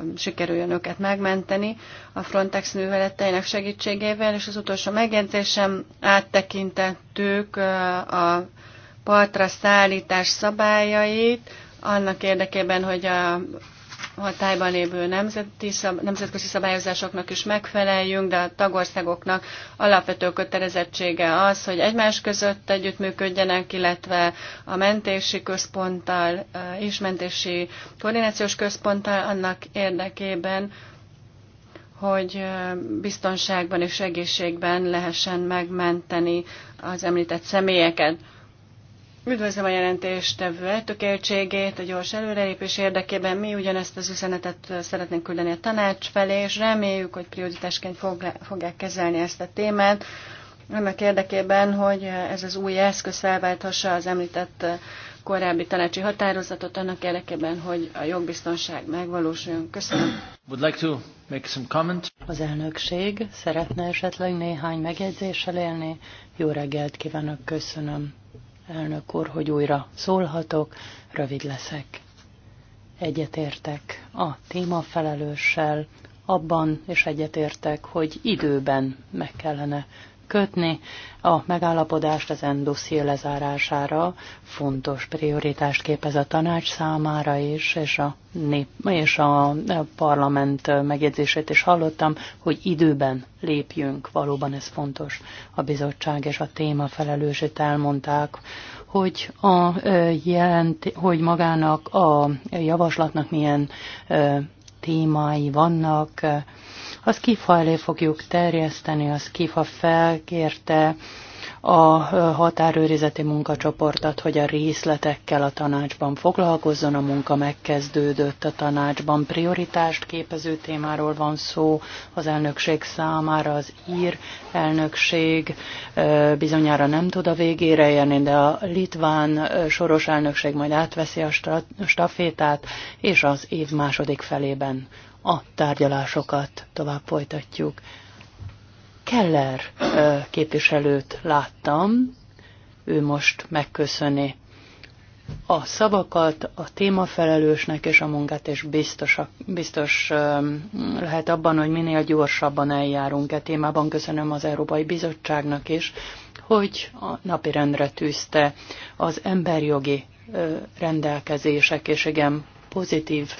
um, sikerüljön őket megmenteni a Frontex műveleteinek segítségével, és az utolsó megjegyzésem áttekintettük uh, a partra szállítás szabályait, annak érdekében, hogy a hatályban lévő nemzeti szab, nemzetközi szabályozásoknak is megfeleljünk, de a tagországoknak alapvető kötelezettsége az, hogy egymás között együttműködjenek, illetve a mentési központtal és mentési koordinációs központtal annak érdekében, hogy biztonságban és egészségben lehessen megmenteni az említett személyeket. Üdvözlöm a jelentéstevő eltökéltségét, a gyors előrelépés érdekében mi ugyanezt az üzenetet szeretnénk küldeni a tanács felé, és reméljük, hogy prioritásként fogják kezelni ezt a témát, annak érdekében, hogy ez az új eszköz felválthassa az említett korábbi tanácsi határozatot, annak érdekében, hogy a jogbiztonság megvalósuljon. Köszönöm. Would like to make some comment. Az elnökség szeretne esetleg néhány megjegyzéssel élni. Jó reggelt kívánok, köszönöm elnök úr, hogy újra szólhatok, rövid leszek. Egyetértek a témafelelőssel abban, és egyetértek, hogy időben meg kellene kötni. A megállapodást az endoszil lezárására fontos prioritást képez a tanács számára is, és a, nép, és a parlament megjegyzését is hallottam, hogy időben lépjünk, valóban ez fontos. A bizottság és a téma felelősét elmondták, hogy, a, jelent, hogy magának a javaslatnak milyen témái vannak, a SZKIFA elé fogjuk terjeszteni, a SZKIFA felkérte a határőrizeti munkacsoportot, hogy a részletekkel a tanácsban foglalkozzon, a munka megkezdődött a tanácsban. Prioritást képező témáról van szó az elnökség számára, az ír elnökség bizonyára nem tud a végére érni, de a litván soros elnökség majd átveszi a stafétát, és az év második felében a tárgyalásokat tovább folytatjuk. Keller képviselőt láttam, ő most megköszöni a szavakat, a témafelelősnek és a munkát, és biztos, biztos lehet abban, hogy minél gyorsabban eljárunk e témában. Köszönöm az Európai Bizottságnak is, hogy a napirendre tűzte az emberjogi rendelkezések, és igen, pozitív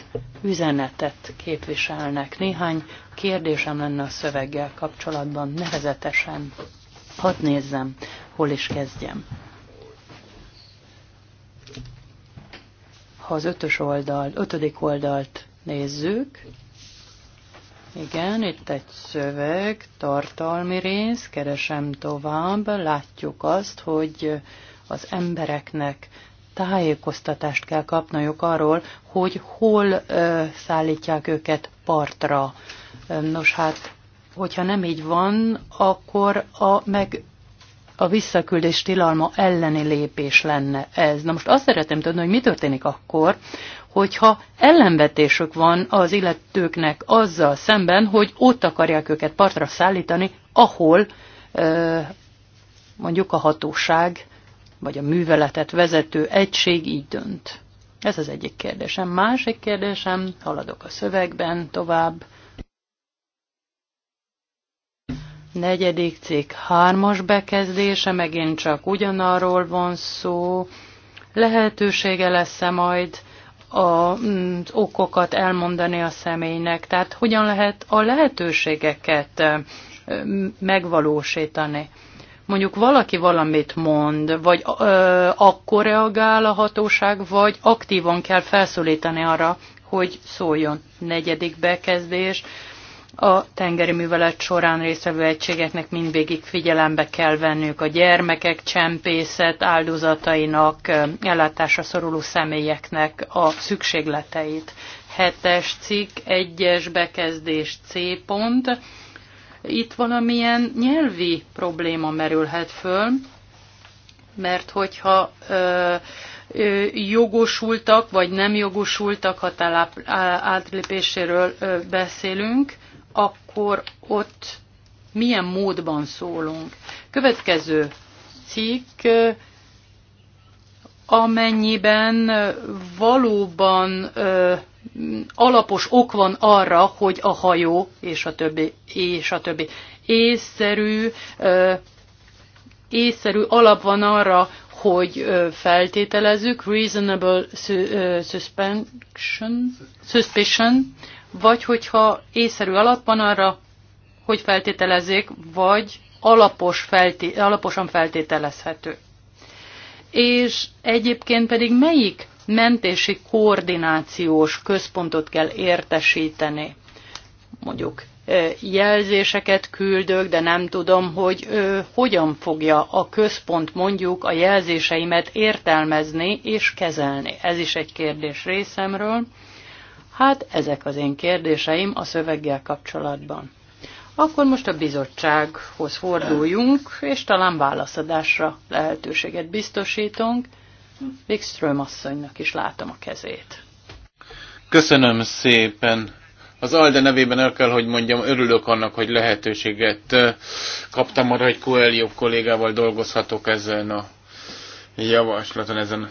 üzenetet képviselnek. Néhány kérdésem lenne a szöveggel kapcsolatban, nevezetesen. Hadd nézzem, hol is kezdjem. Ha az ötös oldal, ötödik oldalt nézzük, igen, itt egy szöveg, tartalmi rész, keresem tovább, látjuk azt, hogy az embereknek tájékoztatást kell kapnajuk arról, hogy hol ö, szállítják őket partra. Nos hát, hogyha nem így van, akkor a meg a visszaküldés tilalma elleni lépés lenne ez. Na most azt szeretném tudni, hogy mi történik akkor, hogyha ellenvetésük van az illetőknek azzal szemben, hogy ott akarják őket partra szállítani, ahol ö, mondjuk a hatóság vagy a műveletet vezető egység így dönt? Ez az egyik kérdésem. Másik kérdésem, haladok a szövegben tovább. Negyedik cikk, hármas bekezdése, megint csak ugyanarról van szó. Lehetősége lesz -e majd az mm, okokat elmondani a személynek? Tehát hogyan lehet a lehetőségeket mm, megvalósítani? mondjuk valaki valamit mond, vagy ö, akkor reagál a hatóság, vagy aktívan kell felszólítani arra, hogy szóljon. Negyedik bekezdés. A tengeri művelet során résztvevő egységeknek mindvégig figyelembe kell vennük a gyermekek, csempészet áldozatainak, ellátásra szoruló személyeknek a szükségleteit. Hetes cikk, egyes bekezdés C pont itt valamilyen nyelvi probléma merülhet föl, mert hogyha ö, ö, jogosultak vagy nem jogosultak a átlépéséről ö, beszélünk, akkor ott milyen módban szólunk. Következő cikk amennyiben valóban ö, alapos ok van arra, hogy a hajó és a többi, és a többi észszerű, ö, észszerű alap van arra, hogy feltételezzük reasonable suspension, suspicion, vagy hogyha észszerű alap van arra, hogy feltételezzék, vagy alapos felté, alaposan feltételezhető és egyébként pedig melyik mentési koordinációs központot kell értesíteni. Mondjuk jelzéseket küldök, de nem tudom, hogy ő hogyan fogja a központ mondjuk a jelzéseimet értelmezni és kezelni. Ez is egy kérdés részemről. Hát ezek az én kérdéseim a szöveggel kapcsolatban. Akkor most a bizottsághoz forduljunk, és talán válaszadásra lehetőséget biztosítunk. Wikström asszonynak is látom a kezét. Köszönöm szépen. Az Alde nevében el kell, hogy mondjam, örülök annak, hogy lehetőséget kaptam arra, hogy Coelho kollégával dolgozhatok ezen a javaslaton, ezen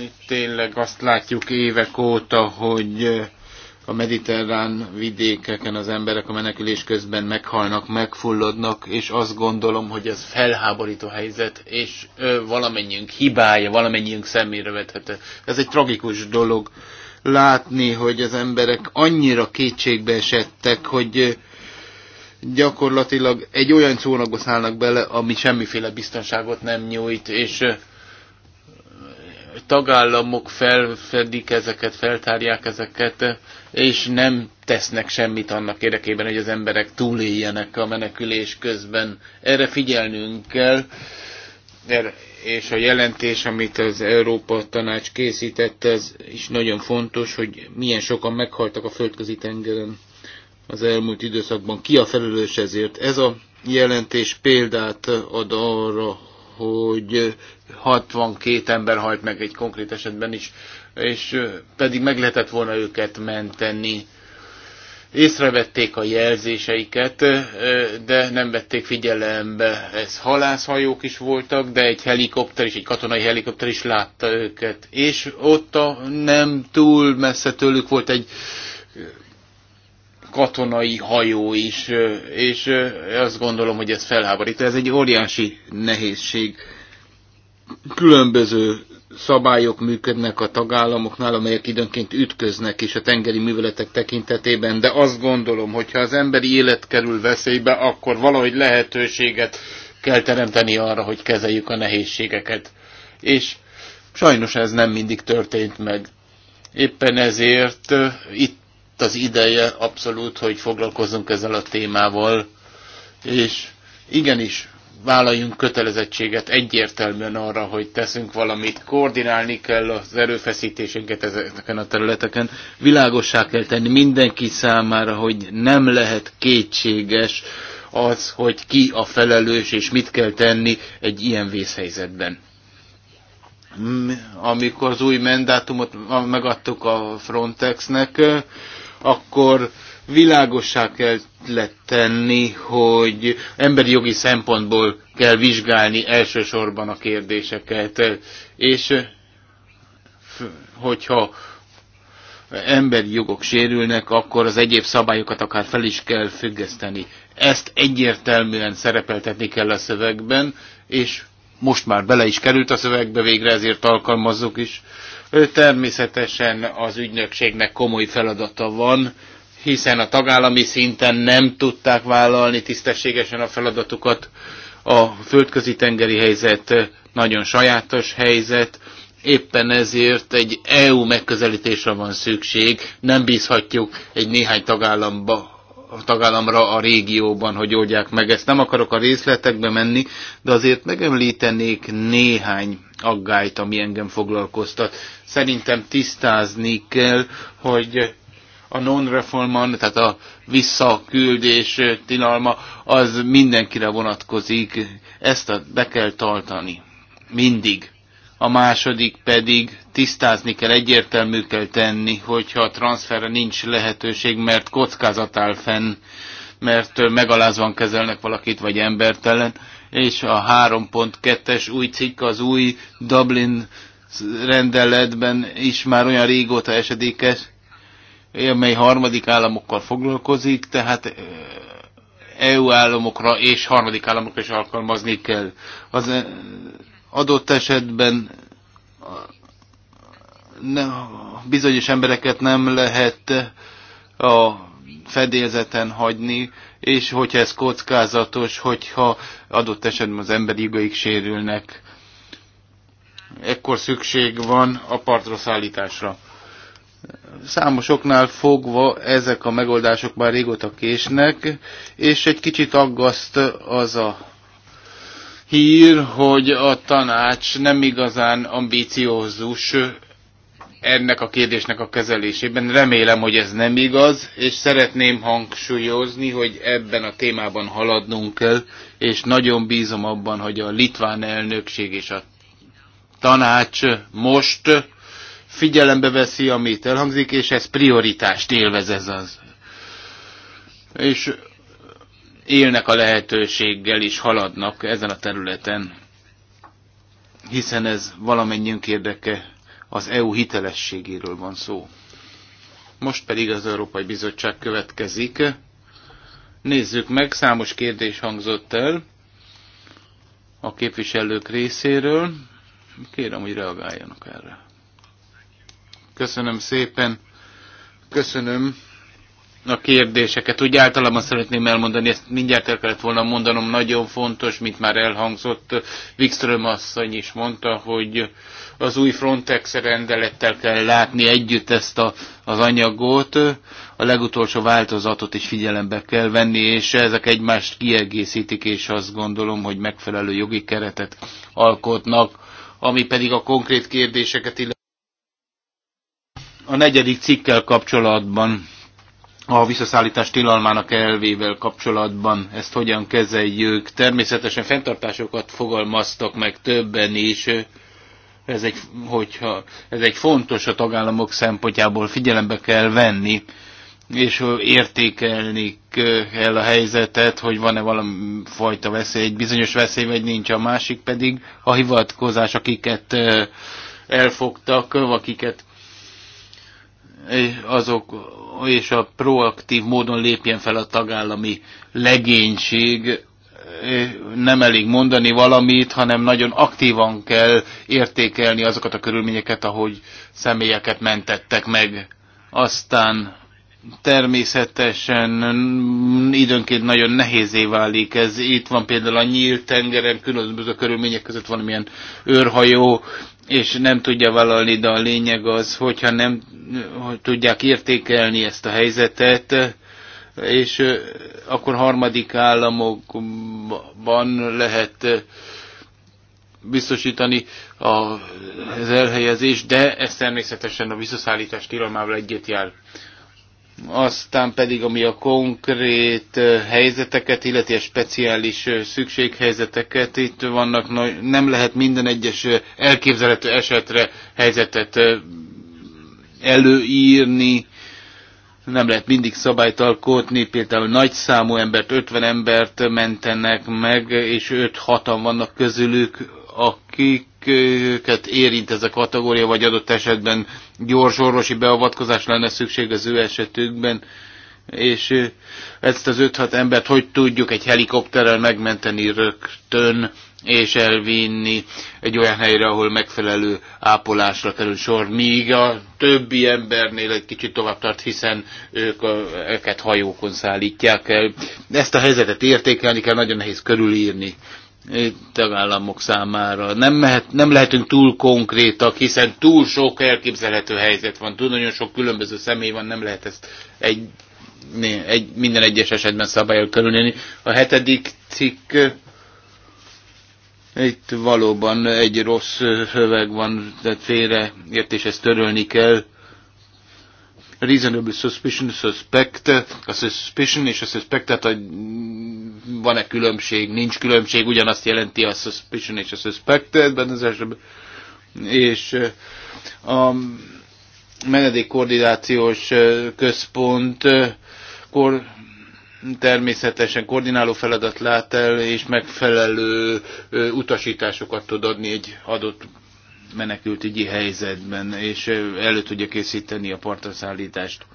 itt tényleg azt látjuk évek óta, hogy a mediterrán vidékeken az emberek a menekülés közben meghalnak, megfulladnak, és azt gondolom, hogy ez felháborító helyzet, és ö, valamennyiünk hibája, valamennyiünk szemére vethető. Ez egy tragikus dolog látni, hogy az emberek annyira kétségbe esettek, hogy gyakorlatilag egy olyan csónakba szállnak bele, ami semmiféle biztonságot nem nyújt, és tagállamok felfedik ezeket, feltárják ezeket, és nem tesznek semmit annak érdekében, hogy az emberek túléljenek a menekülés közben. Erre figyelnünk kell, és a jelentés, amit az Európa Tanács készített, ez is nagyon fontos, hogy milyen sokan meghaltak a földközi tengeren az elmúlt időszakban. Ki a felelős ezért? Ez a jelentés példát ad arra, hogy 62 ember halt meg egy konkrét esetben is, és pedig meg lehetett volna őket menteni. Észrevették a jelzéseiket, de nem vették figyelembe. Ez halászhajók is voltak, de egy helikopter is, egy katonai helikopter is látta őket. És ott a nem túl messze tőlük volt egy katonai hajó is, és azt gondolom, hogy ez felháborít. Ez egy óriási nehézség. Különböző szabályok működnek a tagállamoknál, amelyek időnként ütköznek is a tengeri műveletek tekintetében, de azt gondolom, hogy ha az emberi élet kerül veszélybe, akkor valahogy lehetőséget kell teremteni arra, hogy kezeljük a nehézségeket. És sajnos ez nem mindig történt meg. Éppen ezért itt itt az ideje abszolút, hogy foglalkozzunk ezzel a témával, és igenis vállaljunk kötelezettséget egyértelműen arra, hogy teszünk valamit, koordinálni kell az erőfeszítésünket ezeken a területeken, világossá kell tenni mindenki számára, hogy nem lehet kétséges az, hogy ki a felelős és mit kell tenni egy ilyen vészhelyzetben. Amikor az új mandátumot megadtuk a Frontexnek, akkor világossá kell tenni, hogy emberi jogi szempontból kell vizsgálni elsősorban a kérdéseket, és eh, hogyha emberi jogok sérülnek, akkor az egyéb szabályokat akár fel is kell függeszteni. Ezt egyértelműen szerepeltetni kell a szövegben, és most már bele is került a szövegbe, végre ezért alkalmazzuk is. Természetesen az ügynökségnek komoly feladata van, hiszen a tagállami szinten nem tudták vállalni tisztességesen a feladatukat. A földközi tengeri helyzet nagyon sajátos helyzet, éppen ezért egy EU megközelítésre van szükség, nem bízhatjuk egy néhány tagállamba a tagállamra a régióban, hogy oldják meg. Ezt nem akarok a részletekbe menni, de azért megemlítenék néhány aggályt, ami engem foglalkoztat. Szerintem tisztázni kell, hogy a non-reforman, tehát a visszaküldés tilalma, az mindenkire vonatkozik. Ezt be kell tartani. Mindig a második pedig tisztázni kell, egyértelmű kell tenni, hogyha a transferre nincs lehetőség, mert kockázat áll fenn, mert megalázvan kezelnek valakit, vagy embertelen, és a 3.2-es új cikk az új Dublin rendeletben is már olyan régóta esedékes, amely harmadik államokkal foglalkozik, tehát EU államokra és harmadik államokra is alkalmazni kell. Az adott esetben ne, bizonyos embereket nem lehet a fedélzeten hagyni, és hogyha ez kockázatos, hogyha adott esetben az emberi igaik sérülnek, ekkor szükség van a partra szállításra. Számosoknál fogva ezek a megoldások már régóta késnek, és egy kicsit aggaszt az a hír, hogy a tanács nem igazán ambíciózus ennek a kérdésnek a kezelésében. Remélem, hogy ez nem igaz, és szeretném hangsúlyozni, hogy ebben a témában haladnunk kell, és nagyon bízom abban, hogy a litván elnökség és a tanács most figyelembe veszi, amit elhangzik, és ez prioritást élvez ez az. És élnek a lehetőséggel és haladnak ezen a területen, hiszen ez valamennyiünk érdeke, az EU hitelességéről van szó. Most pedig az Európai Bizottság következik. Nézzük meg, számos kérdés hangzott el a képviselők részéről. Kérem, hogy reagáljanak erre. Köszönöm szépen. Köszönöm a kérdéseket. Úgy általában szeretném elmondani, ezt mindjárt el kellett volna mondanom, nagyon fontos, mint már elhangzott, Wikström asszony is mondta, hogy az új Frontex rendelettel kell látni együtt ezt a, az anyagot, a legutolsó változatot is figyelembe kell venni, és ezek egymást kiegészítik, és azt gondolom, hogy megfelelő jogi keretet alkotnak, ami pedig a konkrét kérdéseket illeti. A negyedik cikkel kapcsolatban a visszaszállítás tilalmának elvével kapcsolatban ezt hogyan kezeljük. Természetesen fenntartásokat fogalmaztak meg többen is, ez egy, hogyha, ez egy fontos a tagállamok szempontjából figyelembe kell venni, és értékelni kell a helyzetet, hogy van-e valami fajta veszély, egy bizonyos veszély, vagy nincs. A másik pedig a hivatkozás, akiket eh, elfogtak, akiket eh, azok és a proaktív módon lépjen fel a tagállami legénység. Nem elég mondani valamit, hanem nagyon aktívan kell értékelni azokat a körülményeket, ahogy személyeket mentettek meg. Aztán természetesen időnként nagyon nehézé válik ez. Itt van például a nyílt tengeren, különböző körülmények között van ilyen őrhajó, és nem tudja vállalni, de a lényeg az, hogyha nem hogy tudják értékelni ezt a helyzetet, és akkor harmadik államokban lehet biztosítani az elhelyezést, de ez természetesen a visszaszállítás tilalmával egyet jár aztán pedig ami a konkrét helyzeteket, illeti a speciális szükséghelyzeteket, itt vannak, nem lehet minden egyes elképzelhető esetre helyzetet előírni, nem lehet mindig szabályt alkotni, például nagy számú embert, 50 embert mentenek meg, és 5-6-an vannak közülük, akik őket érint ez a kategória, vagy adott esetben gyors orvosi beavatkozás lenne szükség az ő esetükben, és ezt az 5-6 embert hogy tudjuk egy helikopterrel megmenteni rögtön, és elvinni egy olyan helyre, ahol megfelelő ápolásra kerül sor, míg a többi embernél egy kicsit tovább tart, hiszen ők a, őket hajókon szállítják el. Ezt a helyzetet értékelni kell, nagyon nehéz körülírni tagállamok számára. Nem, mehet, nem lehetünk túl konkrétak, hiszen túl sok elképzelhető helyzet van, túl nagyon sok különböző személy van, nem lehet ezt egy, egy, minden egyes esetben szabályok körülni. A hetedik cikk itt valóban egy rossz szöveg van, tehát félre értés, ezt törölni kell reasonable suspicion, suspect, a suspicion és a suspect, tehát hogy van-e különbség, nincs különbség, ugyanazt jelenti a suspicion és a suspect, az És a menedék koordinációs központ kor, természetesen koordináló feladat lát el, és megfelelő utasításokat tud adni egy adott menekültügyi helyzetben, és elő tudja készíteni a partaszállítást.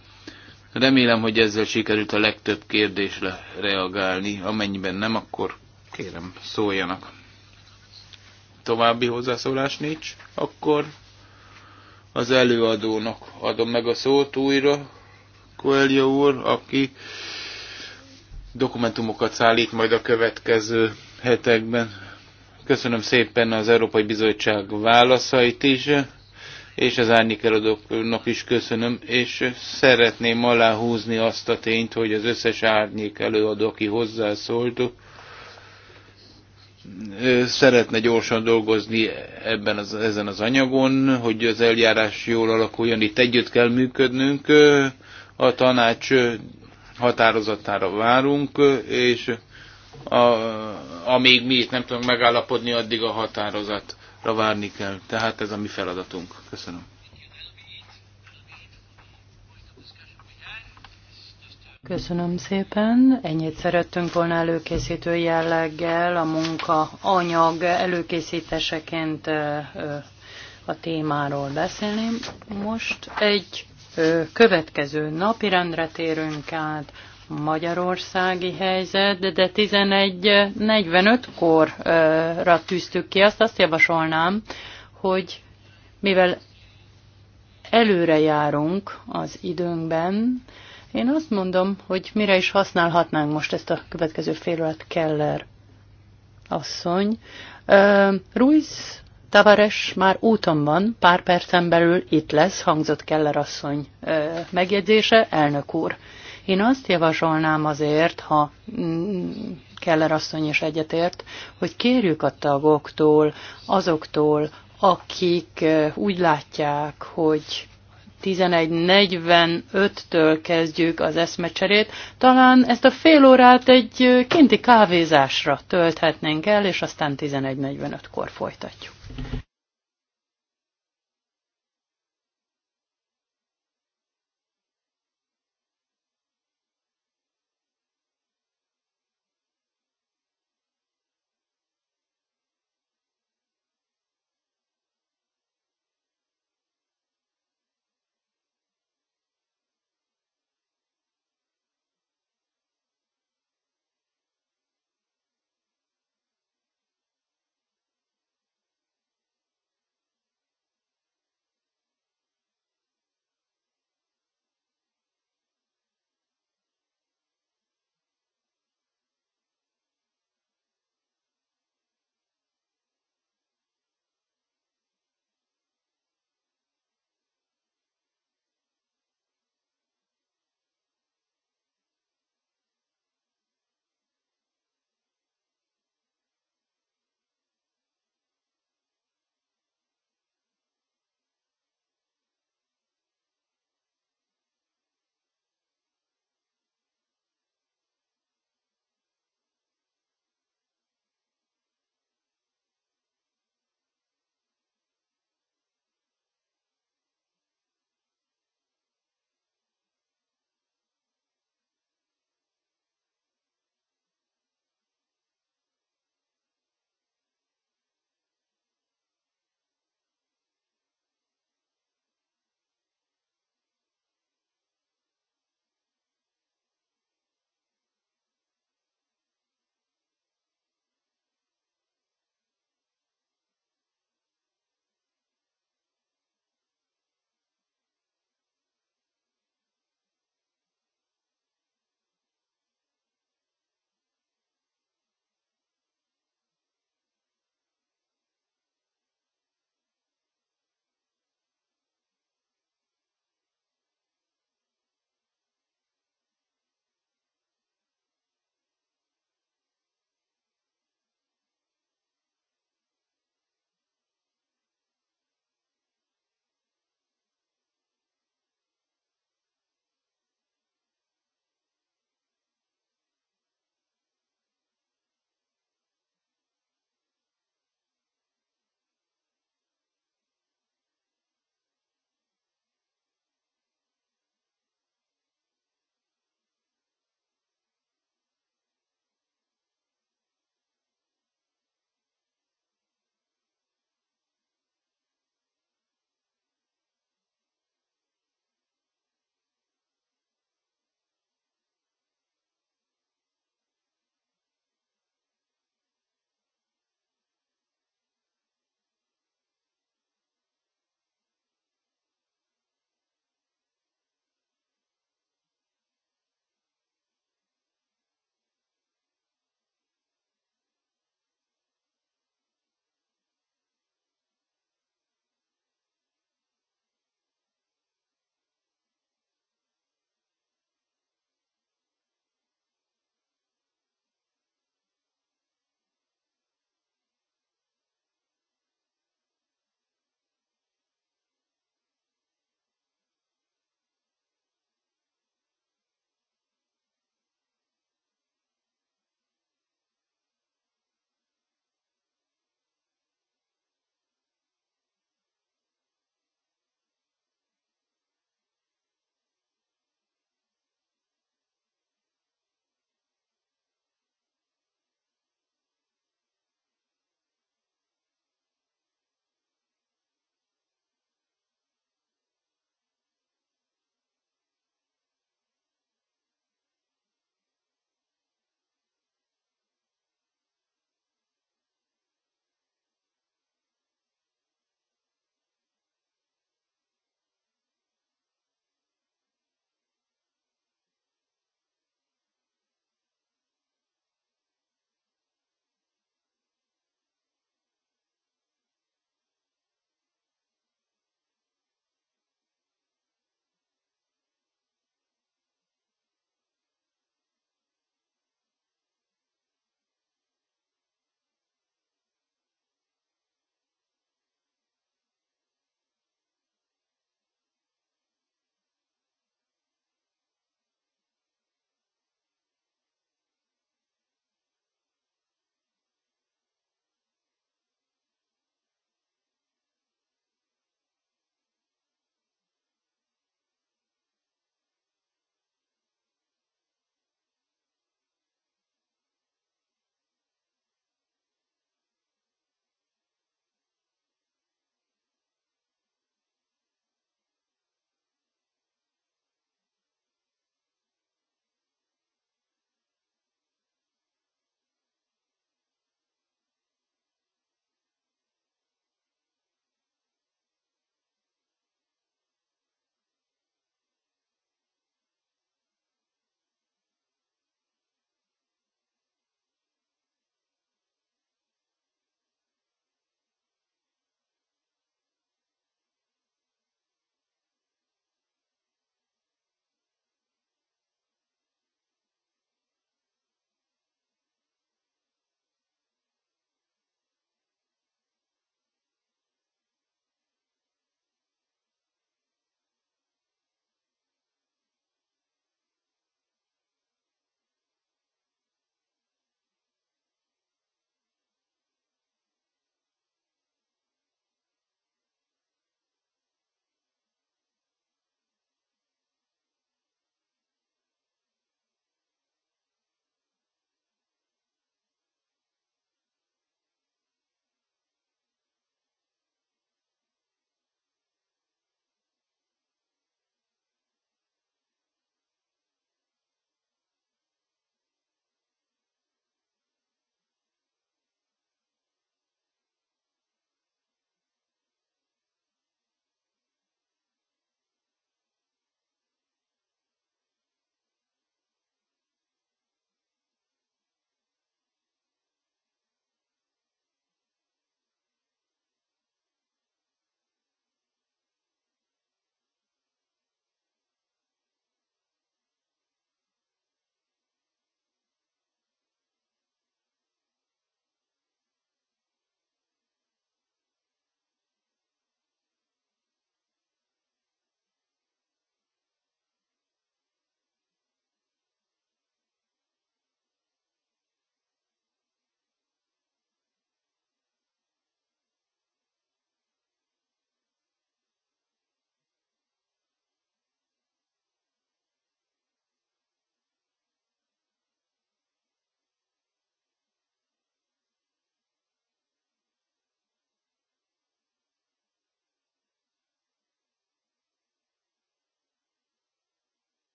Remélem, hogy ezzel sikerült a legtöbb kérdésre reagálni. Amennyiben nem, akkor kérem, szóljanak. További hozzászólás nincs, akkor az előadónak adom meg a szót újra, Koelja úr, aki dokumentumokat szállít majd a következő hetekben. Köszönöm szépen az Európai Bizottság válaszait is, és az árnyékelőknek is köszönöm, és szeretném aláhúzni azt a tényt, hogy az összes árnyék előadó, aki hozzászólt, szeretne gyorsan dolgozni ebben az, ezen az anyagon, hogy az eljárás jól alakuljon, itt együtt kell működnünk, a tanács határozatára várunk, és a, amíg mi itt nem tudunk megállapodni, addig a határozatra várni kell. Tehát ez a mi feladatunk. Köszönöm. Köszönöm szépen. Ennyit szerettünk volna előkészítő jelleggel a munka anyag előkészítéseként a témáról beszélni. Most egy következő napirendre térünk át, magyarországi helyzet, de 11.45-korra tűztük ki azt, azt javasolnám, hogy mivel előre járunk az időnkben, én azt mondom, hogy mire is használhatnánk most ezt a következő fél órát Keller asszony. Uh, Ruiz Tavares már úton van, pár percen belül itt lesz, hangzott Keller asszony uh, megjegyzése, elnök úr. Uh, én azt javasolnám azért, ha mm, Keller asszony is egyetért, hogy kérjük a tagoktól, azoktól, akik úgy látják, hogy 11.45-től kezdjük az eszmecserét, talán ezt a fél órát egy kinti kávézásra tölthetnénk el, és aztán 11.45-kor folytatjuk.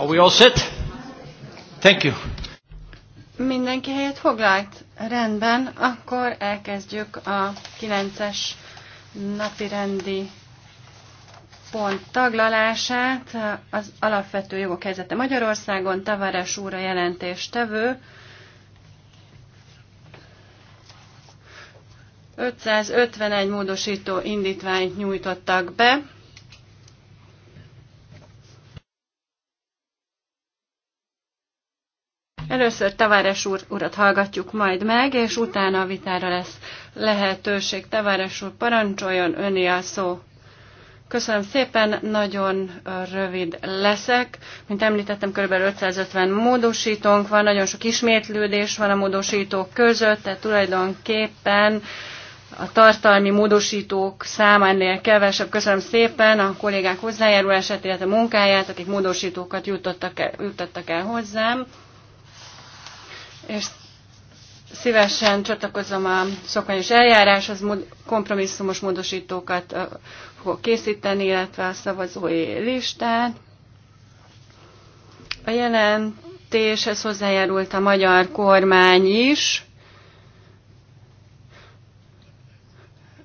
Are we all set? Thank you. Mindenki helyet foglalt? Rendben, akkor elkezdjük a 9-es napi rendi pont taglalását. Az alapvető jogok helyzete Magyarországon, Tavares úr a jelentéstevő. 551 módosító indítványt nyújtottak be. Először Taváres úr, urat hallgatjuk majd meg, és utána a vitára lesz lehetőség. Taváres úr, parancsoljon, öni a szó. Köszönöm szépen, nagyon rövid leszek. Mint említettem, kb. 550 módosítónk van, nagyon sok ismétlődés van a módosítók között, tehát tulajdonképpen a tartalmi módosítók száma ennél kevesebb. Köszönöm szépen a kollégák hozzájárulását, illetve a munkáját, akik módosítókat juttattak el, el hozzám és szívesen csatlakozom a szokványos eljáráshoz, kompromisszumos módosítókat fogok készíteni, illetve a szavazói listát. A jelentéshez hozzájárult a magyar kormány is.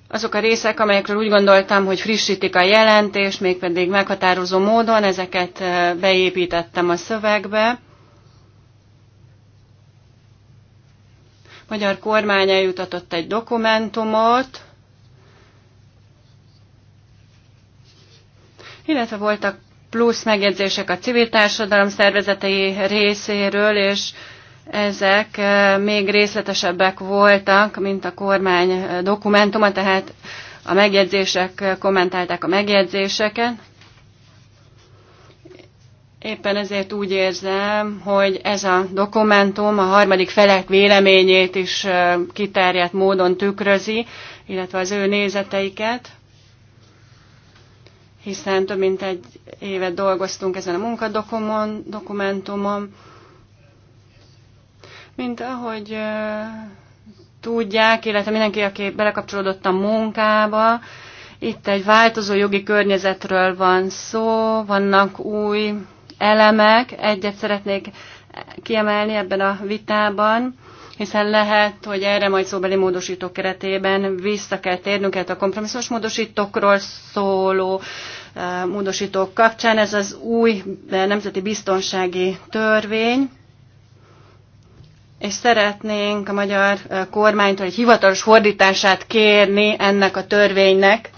Azok a részek, amelyekről úgy gondoltam, hogy frissítik a jelentést, mégpedig meghatározó módon, ezeket beépítettem a szövegbe. magyar kormány eljutatott egy dokumentumot, illetve voltak plusz megjegyzések a civil társadalom szervezetei részéről, és ezek eh, még részletesebbek voltak, mint a kormány dokumentuma, tehát a megjegyzések eh, kommentálták a megjegyzéseket. Éppen ezért úgy érzem, hogy ez a dokumentum a harmadik felek véleményét is kiterjedt módon tükrözi, illetve az ő nézeteiket, hiszen több mint egy évet dolgoztunk ezen a munkadokumentumon. Mint ahogy tudják, illetve mindenki, aki belekapcsolódott a munkába, itt egy változó jogi környezetről van szó, vannak új elemek. Egyet szeretnék kiemelni ebben a vitában, hiszen lehet, hogy erre majd szóbeli módosítók keretében vissza kell térnünk, tehát a kompromisszós módosítókról szóló e, módosítók kapcsán. Ez az új e, nemzeti biztonsági törvény, és szeretnénk a magyar e, kormánytól egy hivatalos fordítását kérni ennek a törvénynek,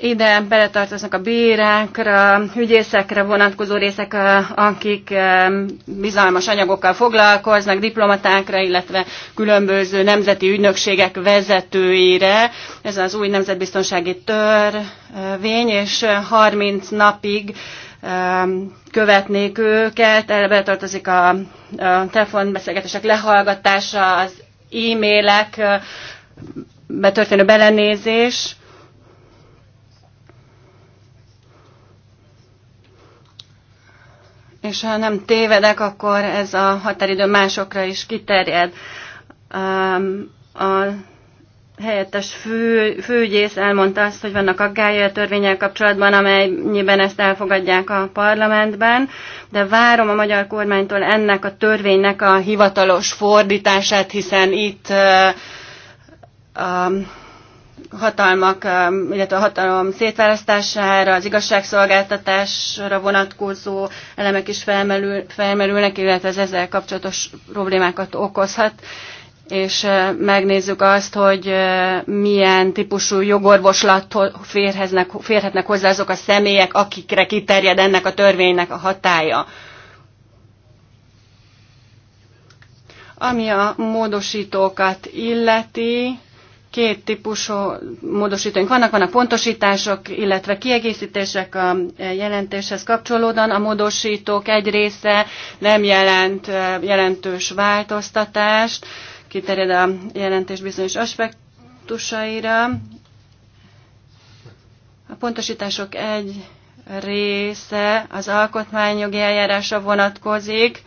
Ide beletartoznak a bírákra, ügyészekre vonatkozó részek, akik bizalmas anyagokkal foglalkoznak, diplomatákra, illetve különböző nemzeti ügynökségek vezetőire. Ez az új nemzetbiztonsági törvény, és 30 napig követnék őket. Erre beletartozik a telefonbeszélgetések lehallgatása, az e-mailek, betörténő belenézés, és ha nem tévedek, akkor ez a határidő másokra is kiterjed. A helyettes fő, főgyész elmondta azt, hogy vannak aggályai a törvényel kapcsolatban, amennyiben ezt elfogadják a parlamentben, de várom a magyar kormánytól ennek a törvénynek a hivatalos fordítását, hiszen itt uh, um, hatalmak, um, illetve a hatalom szétválasztására, az igazságszolgáltatásra vonatkozó elemek is felmerül, felmerülnek, illetve az ezzel kapcsolatos problémákat okozhat és uh, megnézzük azt, hogy uh, milyen típusú jogorvoslat férheznek, férhetnek hozzá azok a személyek, akikre kiterjed ennek a törvénynek a hatája. Ami a módosítókat illeti, két típusú módosítóink vannak, vannak pontosítások, illetve kiegészítések a jelentéshez kapcsolódóan. A módosítók egy része nem jelent jelentős változtatást, kiterjed a jelentés bizonyos aspektusaira. A pontosítások egy része az alkotmányjogi eljárásra vonatkozik,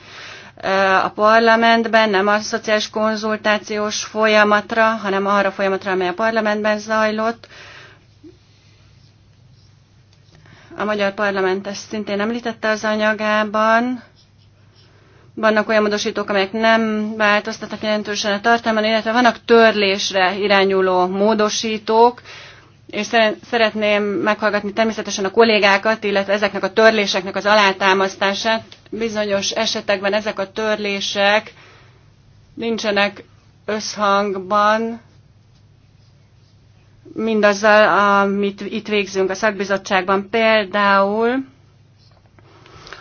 a parlamentben, nem a szociális konzultációs folyamatra, hanem arra a folyamatra, amely a parlamentben zajlott. A magyar parlament ezt szintén említette az anyagában. Vannak olyan módosítók, amelyek nem változtatnak jelentősen a tartalman, illetve vannak törlésre irányuló módosítók, és szeretném meghallgatni természetesen a kollégákat, illetve ezeknek a törléseknek az alátámasztását, Bizonyos esetekben ezek a törlések nincsenek összhangban mindazzal, amit itt végzünk a szakbizottságban. Például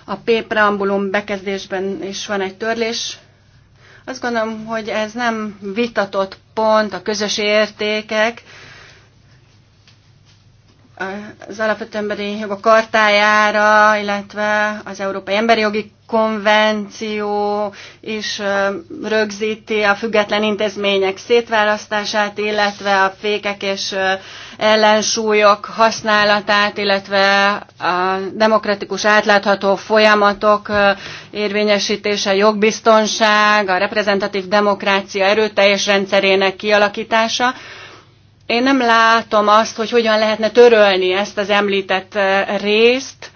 a P preambulum bekezdésben is van egy törlés. Azt gondolom, hogy ez nem vitatott pont, a közös értékek, az alapvető emberi jogok kartájára, illetve az Európai Emberi Jogi Konvenció is rögzíti a független intézmények szétválasztását, illetve a fékek és ellensúlyok használatát, illetve a demokratikus átlátható folyamatok érvényesítése, jogbiztonság, a reprezentatív demokrácia erőteljes rendszerének kialakítása. Én nem látom azt, hogy hogyan lehetne törölni ezt az említett eh, részt,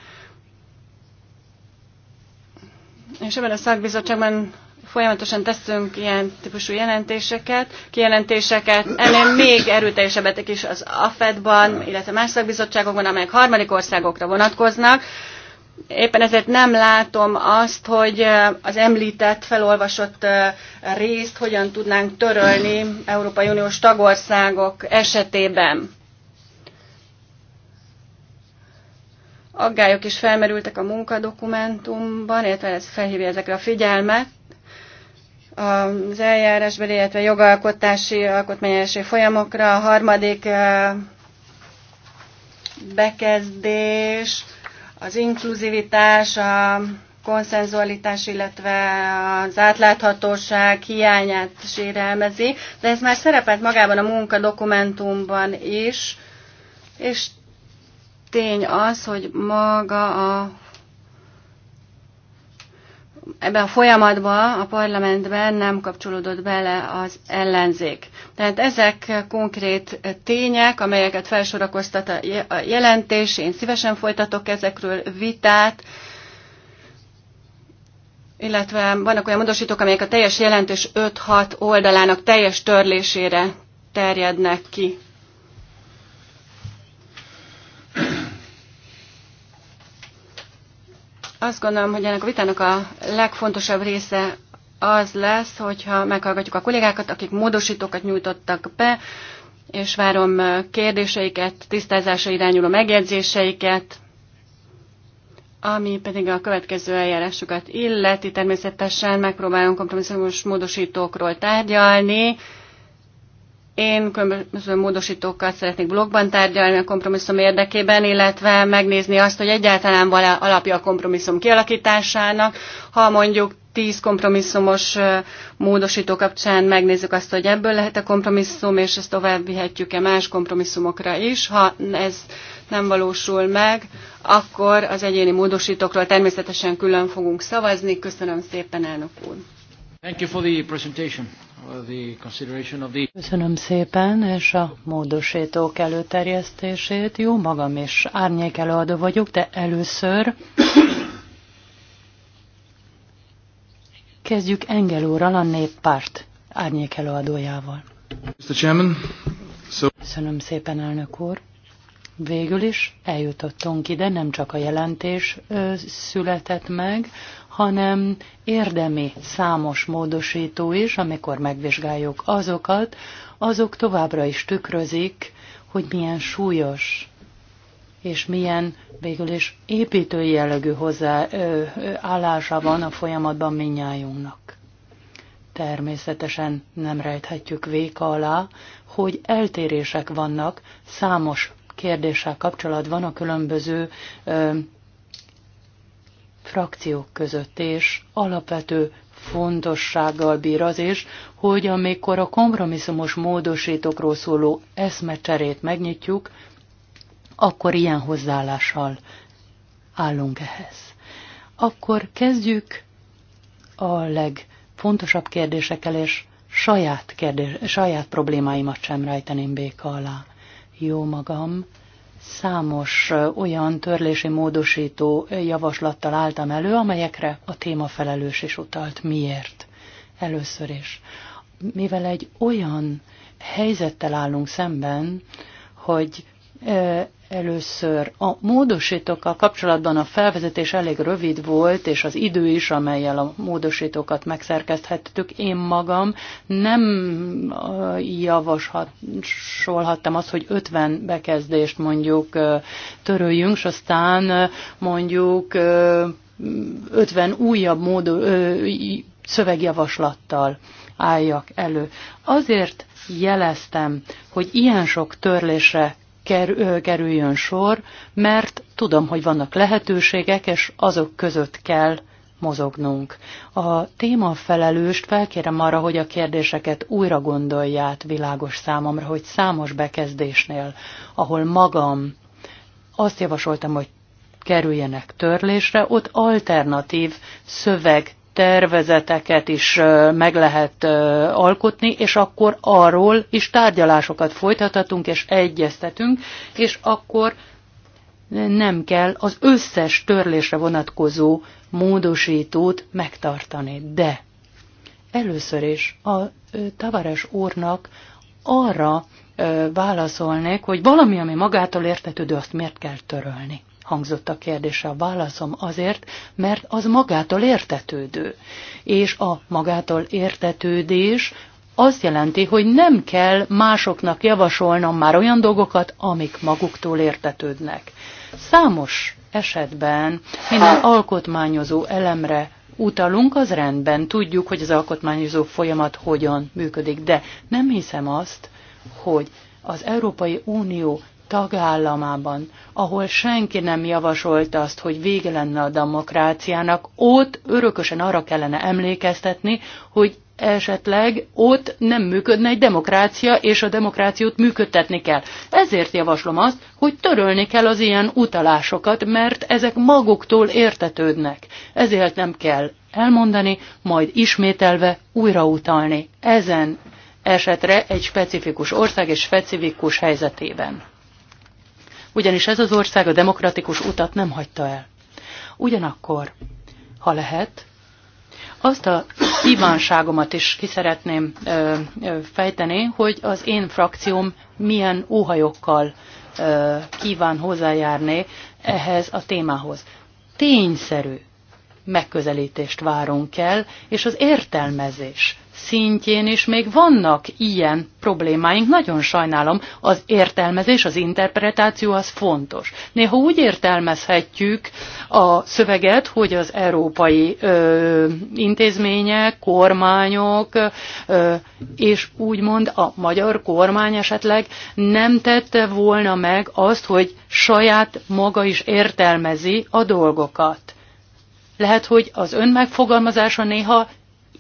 és ebben a szakbizottságban folyamatosan teszünk ilyen típusú jelentéseket, kijelentéseket, ennél még erőteljesebbek is az AFED-ban, illetve más szakbizottságokban, amelyek harmadik országokra vonatkoznak, Éppen ezért nem látom azt, hogy az említett, felolvasott részt hogyan tudnánk törölni Európai Uniós tagországok esetében. Aggályok is felmerültek a munkadokumentumban, illetve ez felhívja ezekre a figyelmet az eljárásbeli, illetve jogalkotási, alkotmányási folyamokra. A harmadik bekezdés az inkluzivitás, a konszenzualitás, illetve az átláthatóság hiányát sérelmezi, de ez már szerepelt magában a munka dokumentumban is, és tény az, hogy maga a ebben a folyamatban a parlamentben nem kapcsolódott bele az ellenzék. Tehát ezek konkrét tények, amelyeket felsorakoztat a jelentés, én szívesen folytatok ezekről vitát, illetve vannak olyan módosítók, amelyek a teljes jelentés 5-6 oldalának teljes törlésére terjednek ki. Azt gondolom, hogy ennek a vitának a legfontosabb része az lesz, hogyha meghallgatjuk a kollégákat, akik módosítókat nyújtottak be, és várom kérdéseiket, tisztázásra irányuló megjegyzéseiket, ami pedig a következő eljárásokat illeti. Természetesen megpróbálunk kompromisszumos módosítókról tárgyalni, én különböző módosítókat szeretnék blogban tárgyalni a kompromisszum érdekében, illetve megnézni azt, hogy egyáltalán van alapja a kompromisszum kialakításának. Ha mondjuk tíz kompromisszumos módosító kapcsán megnézzük azt, hogy ebből lehet a kompromisszum, és ezt tovább vihetjük-e más kompromisszumokra is. Ha ez nem valósul meg, akkor az egyéni módosítókról természetesen külön fogunk szavazni. Köszönöm szépen, elnök úr! Thank you for the presentation. Köszönöm szépen, és a módosítók előterjesztését. Jó, magam is árnyék előadó vagyok, de először kezdjük Engel úrral a néppárt árnyék előadójával. Mr. Chairman, Köszönöm szépen, elnök úr. Végül is eljutottunk ide, nem csak a jelentés született meg, hanem érdemi számos módosító is, amikor megvizsgáljuk azokat, azok továbbra is tükrözik, hogy milyen súlyos és milyen végül is építő jellegű hozzáállása van a folyamatban minnyájunknak. Természetesen nem rejthetjük véka alá, hogy eltérések vannak számos kérdéssel kapcsolatban a különböző ö, frakciók között és alapvető fontossággal bír az is, hogy amikor a kompromisszumos módosítókról szóló eszmecserét megnyitjuk, akkor ilyen hozzáállással állunk ehhez. Akkor kezdjük a legfontosabb kérdésekkel, és saját, kérdés, saját problémáimat sem rejteném béka alá. Jó magam, számos olyan törlési módosító javaslattal álltam elő, amelyekre a témafelelős is utalt. Miért? Először is. Mivel egy olyan helyzettel állunk szemben, hogy Először a módosítókkal kapcsolatban a felvezetés elég rövid volt, és az idő is, amelyel a módosítókat megszerkeszthettük. Én magam nem javasolhattam azt, hogy 50 bekezdést mondjuk töröljünk, és aztán mondjuk 50 újabb módo, szövegjavaslattal álljak elő. Azért jeleztem, hogy ilyen sok törlésre kerüljön sor, mert tudom, hogy vannak lehetőségek, és azok között kell mozognunk. A témafelelőst felkérem arra, hogy a kérdéseket újra gondolját világos számomra, hogy számos bekezdésnél, ahol magam azt javasoltam, hogy kerüljenek törlésre, ott alternatív szöveg tervezeteket is meg lehet alkotni, és akkor arról is tárgyalásokat folytathatunk és egyeztetünk, és akkor nem kell az összes törlésre vonatkozó módosítót megtartani. De először is a Tavares úrnak arra válaszolnék, hogy valami, ami magától értetődő, azt miért kell törölni hangzott a kérdése. A válaszom azért, mert az magától értetődő. És a magától értetődés azt jelenti, hogy nem kell másoknak javasolnom már olyan dolgokat, amik maguktól értetődnek. Számos esetben minden alkotmányozó elemre utalunk, az rendben, tudjuk, hogy az alkotmányozó folyamat hogyan működik, de nem hiszem azt, hogy az Európai Unió tagállamában, ahol senki nem javasolta azt, hogy vége lenne a demokráciának, ott örökösen arra kellene emlékeztetni, hogy esetleg ott nem működne egy demokrácia, és a demokrációt működtetni kell. Ezért javaslom azt, hogy törölni kell az ilyen utalásokat, mert ezek maguktól értetődnek. Ezért nem kell elmondani, majd ismételve újra Ezen esetre egy specifikus ország és specifikus helyzetében ugyanis ez az ország a demokratikus utat nem hagyta el. Ugyanakkor, ha lehet, azt a kívánságomat is ki szeretném ö, ö, fejteni, hogy az én frakcióm milyen óhajokkal ö, kíván hozzájárni ehhez a témához. Tényszerű megközelítést várunk el, és az értelmezés szintjén is még vannak ilyen problémáink. Nagyon sajnálom, az értelmezés, az interpretáció az fontos. Néha úgy értelmezhetjük a szöveget, hogy az európai ö, intézmények, kormányok, ö, és úgymond a magyar kormány esetleg nem tette volna meg azt, hogy saját maga is értelmezi a dolgokat lehet, hogy az ön megfogalmazása néha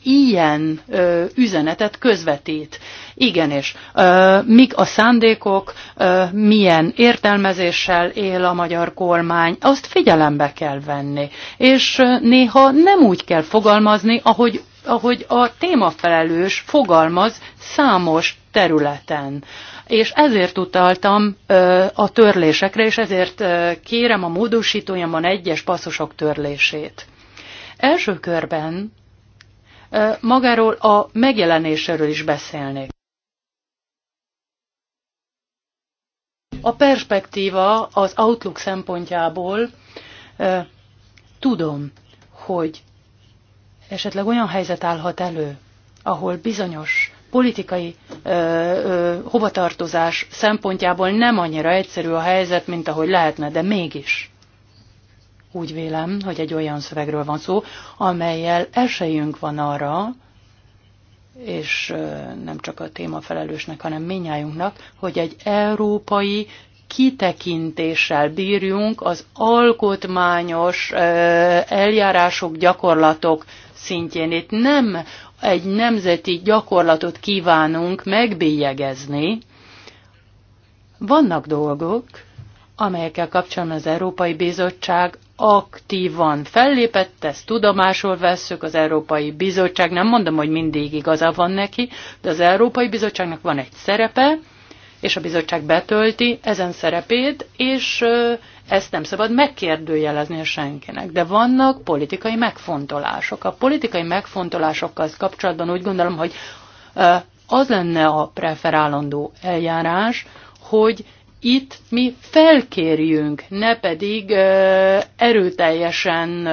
ilyen ö, üzenetet közvetít. Igen Ö, mik a szándékok, ö, milyen értelmezéssel él a magyar kormány, azt figyelembe kell venni. És ö, néha nem úgy kell fogalmazni, ahogy, ahogy a témafelelős fogalmaz számos területen. Ö, és ezért utaltam a törlésekre, és ezért kérem a módosítójamban egyes passzusok törlését. Első körben magáról a megjelenéséről is beszélnék. A perspektíva az outlook szempontjából tudom, hogy esetleg olyan helyzet állhat elő, ahol bizonyos politikai ö, ö, hovatartozás szempontjából nem annyira egyszerű a helyzet, mint ahogy lehetne, de mégis úgy vélem, hogy egy olyan szövegről van szó, amelyel esélyünk van arra, és nem csak a témafelelősnek, hanem minnyájunknak, hogy egy európai kitekintéssel bírjunk az alkotmányos eljárások, gyakorlatok szintjén. Itt nem egy nemzeti gyakorlatot kívánunk megbélyegezni, vannak dolgok, amelyekkel kapcsolatban az Európai Bizottság aktívan fellépett, ezt tudomásul vesszük, az Európai Bizottság, nem mondom, hogy mindig igaza van neki, de az Európai Bizottságnak van egy szerepe, és a bizottság betölti ezen szerepét, és ezt nem szabad megkérdőjelezni senkinek, de vannak politikai megfontolások. A politikai megfontolásokkal kapcsolatban úgy gondolom, hogy az lenne a preferálandó eljárás, hogy itt mi felkérjünk, ne pedig erőteljesen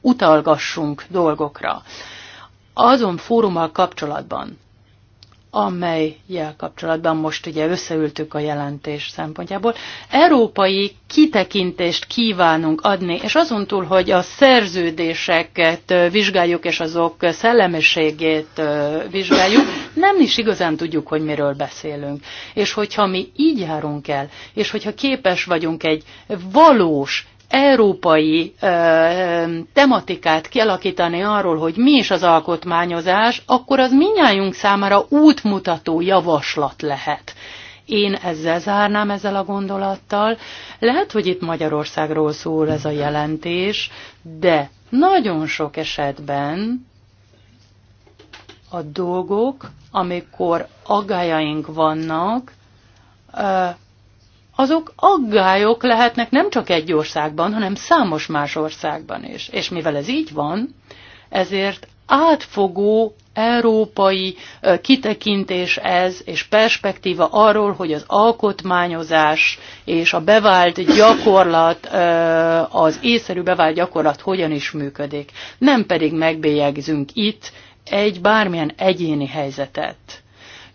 utalgassunk dolgokra. Azon fórummal kapcsolatban, amelyel kapcsolatban most ugye összeültük a jelentés szempontjából. Európai kitekintést kívánunk adni, és azon túl, hogy a szerződéseket vizsgáljuk, és azok szellemiségét vizsgáljuk, nem is igazán tudjuk, hogy miről beszélünk. És hogyha mi így járunk el, és hogyha képes vagyunk egy valós európai tematikát kialakítani arról, hogy mi is az alkotmányozás, akkor az minnyájunk számára útmutató javaslat lehet. Én ezzel zárnám ezzel a gondolattal. Lehet, hogy itt Magyarországról szól ez a jelentés, de nagyon sok esetben a dolgok, amikor aggájaink vannak, azok aggályok lehetnek nem csak egy országban, hanem számos más országban is. És mivel ez így van, ezért átfogó európai kitekintés ez, és perspektíva arról, hogy az alkotmányozás és a bevált gyakorlat, az észszerű bevált gyakorlat hogyan is működik. Nem pedig megbélyegzünk itt egy bármilyen egyéni helyzetet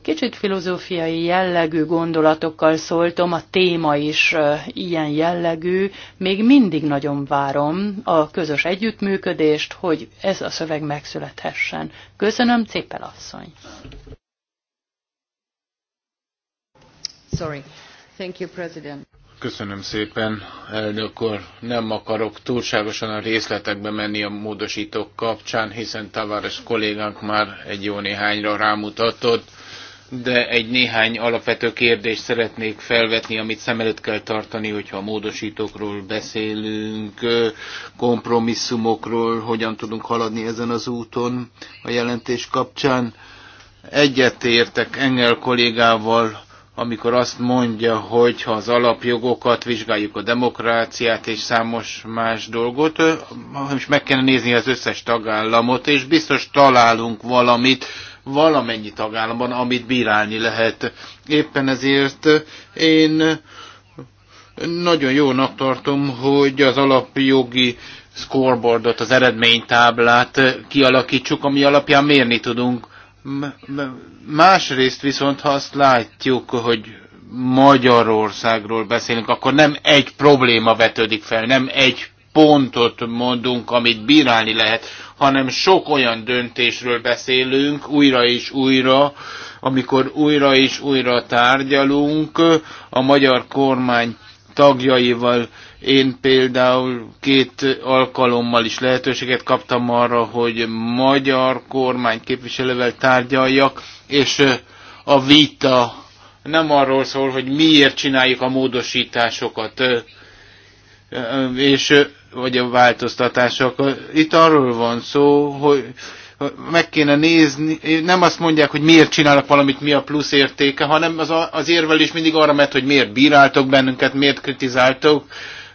Kicsit filozófiai jellegű gondolatokkal szóltom, a téma is ilyen jellegű. Még mindig nagyon várom a közös együttműködést, hogy ez a szöveg megszülethessen. Köszönöm, Cépel asszony. Sorry. Thank you, President. Köszönöm szépen, elnök úr. Nem akarok túlságosan a részletekbe menni a módosítók kapcsán, hiszen Tavares kollégánk már egy jó néhányra rámutatott de egy néhány alapvető kérdést szeretnék felvetni, amit szem előtt kell tartani, hogyha a módosítókról beszélünk, kompromisszumokról, hogyan tudunk haladni ezen az úton a jelentés kapcsán. Egyetértek Engel kollégával, amikor azt mondja, hogy ha az alapjogokat vizsgáljuk a demokráciát és számos más dolgot, és meg kell nézni az összes tagállamot, és biztos találunk valamit, valamennyi tagállamban, amit bírálni lehet. Éppen ezért én nagyon jónak tartom, hogy az alapjogi scoreboardot, az eredménytáblát kialakítsuk, ami alapján mérni tudunk. Másrészt viszont, ha azt látjuk, hogy Magyarországról beszélünk, akkor nem egy probléma vetődik fel, nem egy pontot mondunk, amit bírálni lehet, hanem sok olyan döntésről beszélünk újra és újra, amikor újra és újra tárgyalunk a magyar kormány tagjaival. Én például két alkalommal is lehetőséget kaptam arra, hogy magyar kormány képviselővel tárgyaljak, és a vita nem arról szól, hogy miért csináljuk a módosításokat, és vagy a változtatások. Itt arról van szó, hogy meg kéne nézni, nem azt mondják, hogy miért csinálnak valamit, mi a plusz értéke, hanem az, az érvelés mindig arra megy, hogy miért bíráltok bennünket, miért kritizáltok,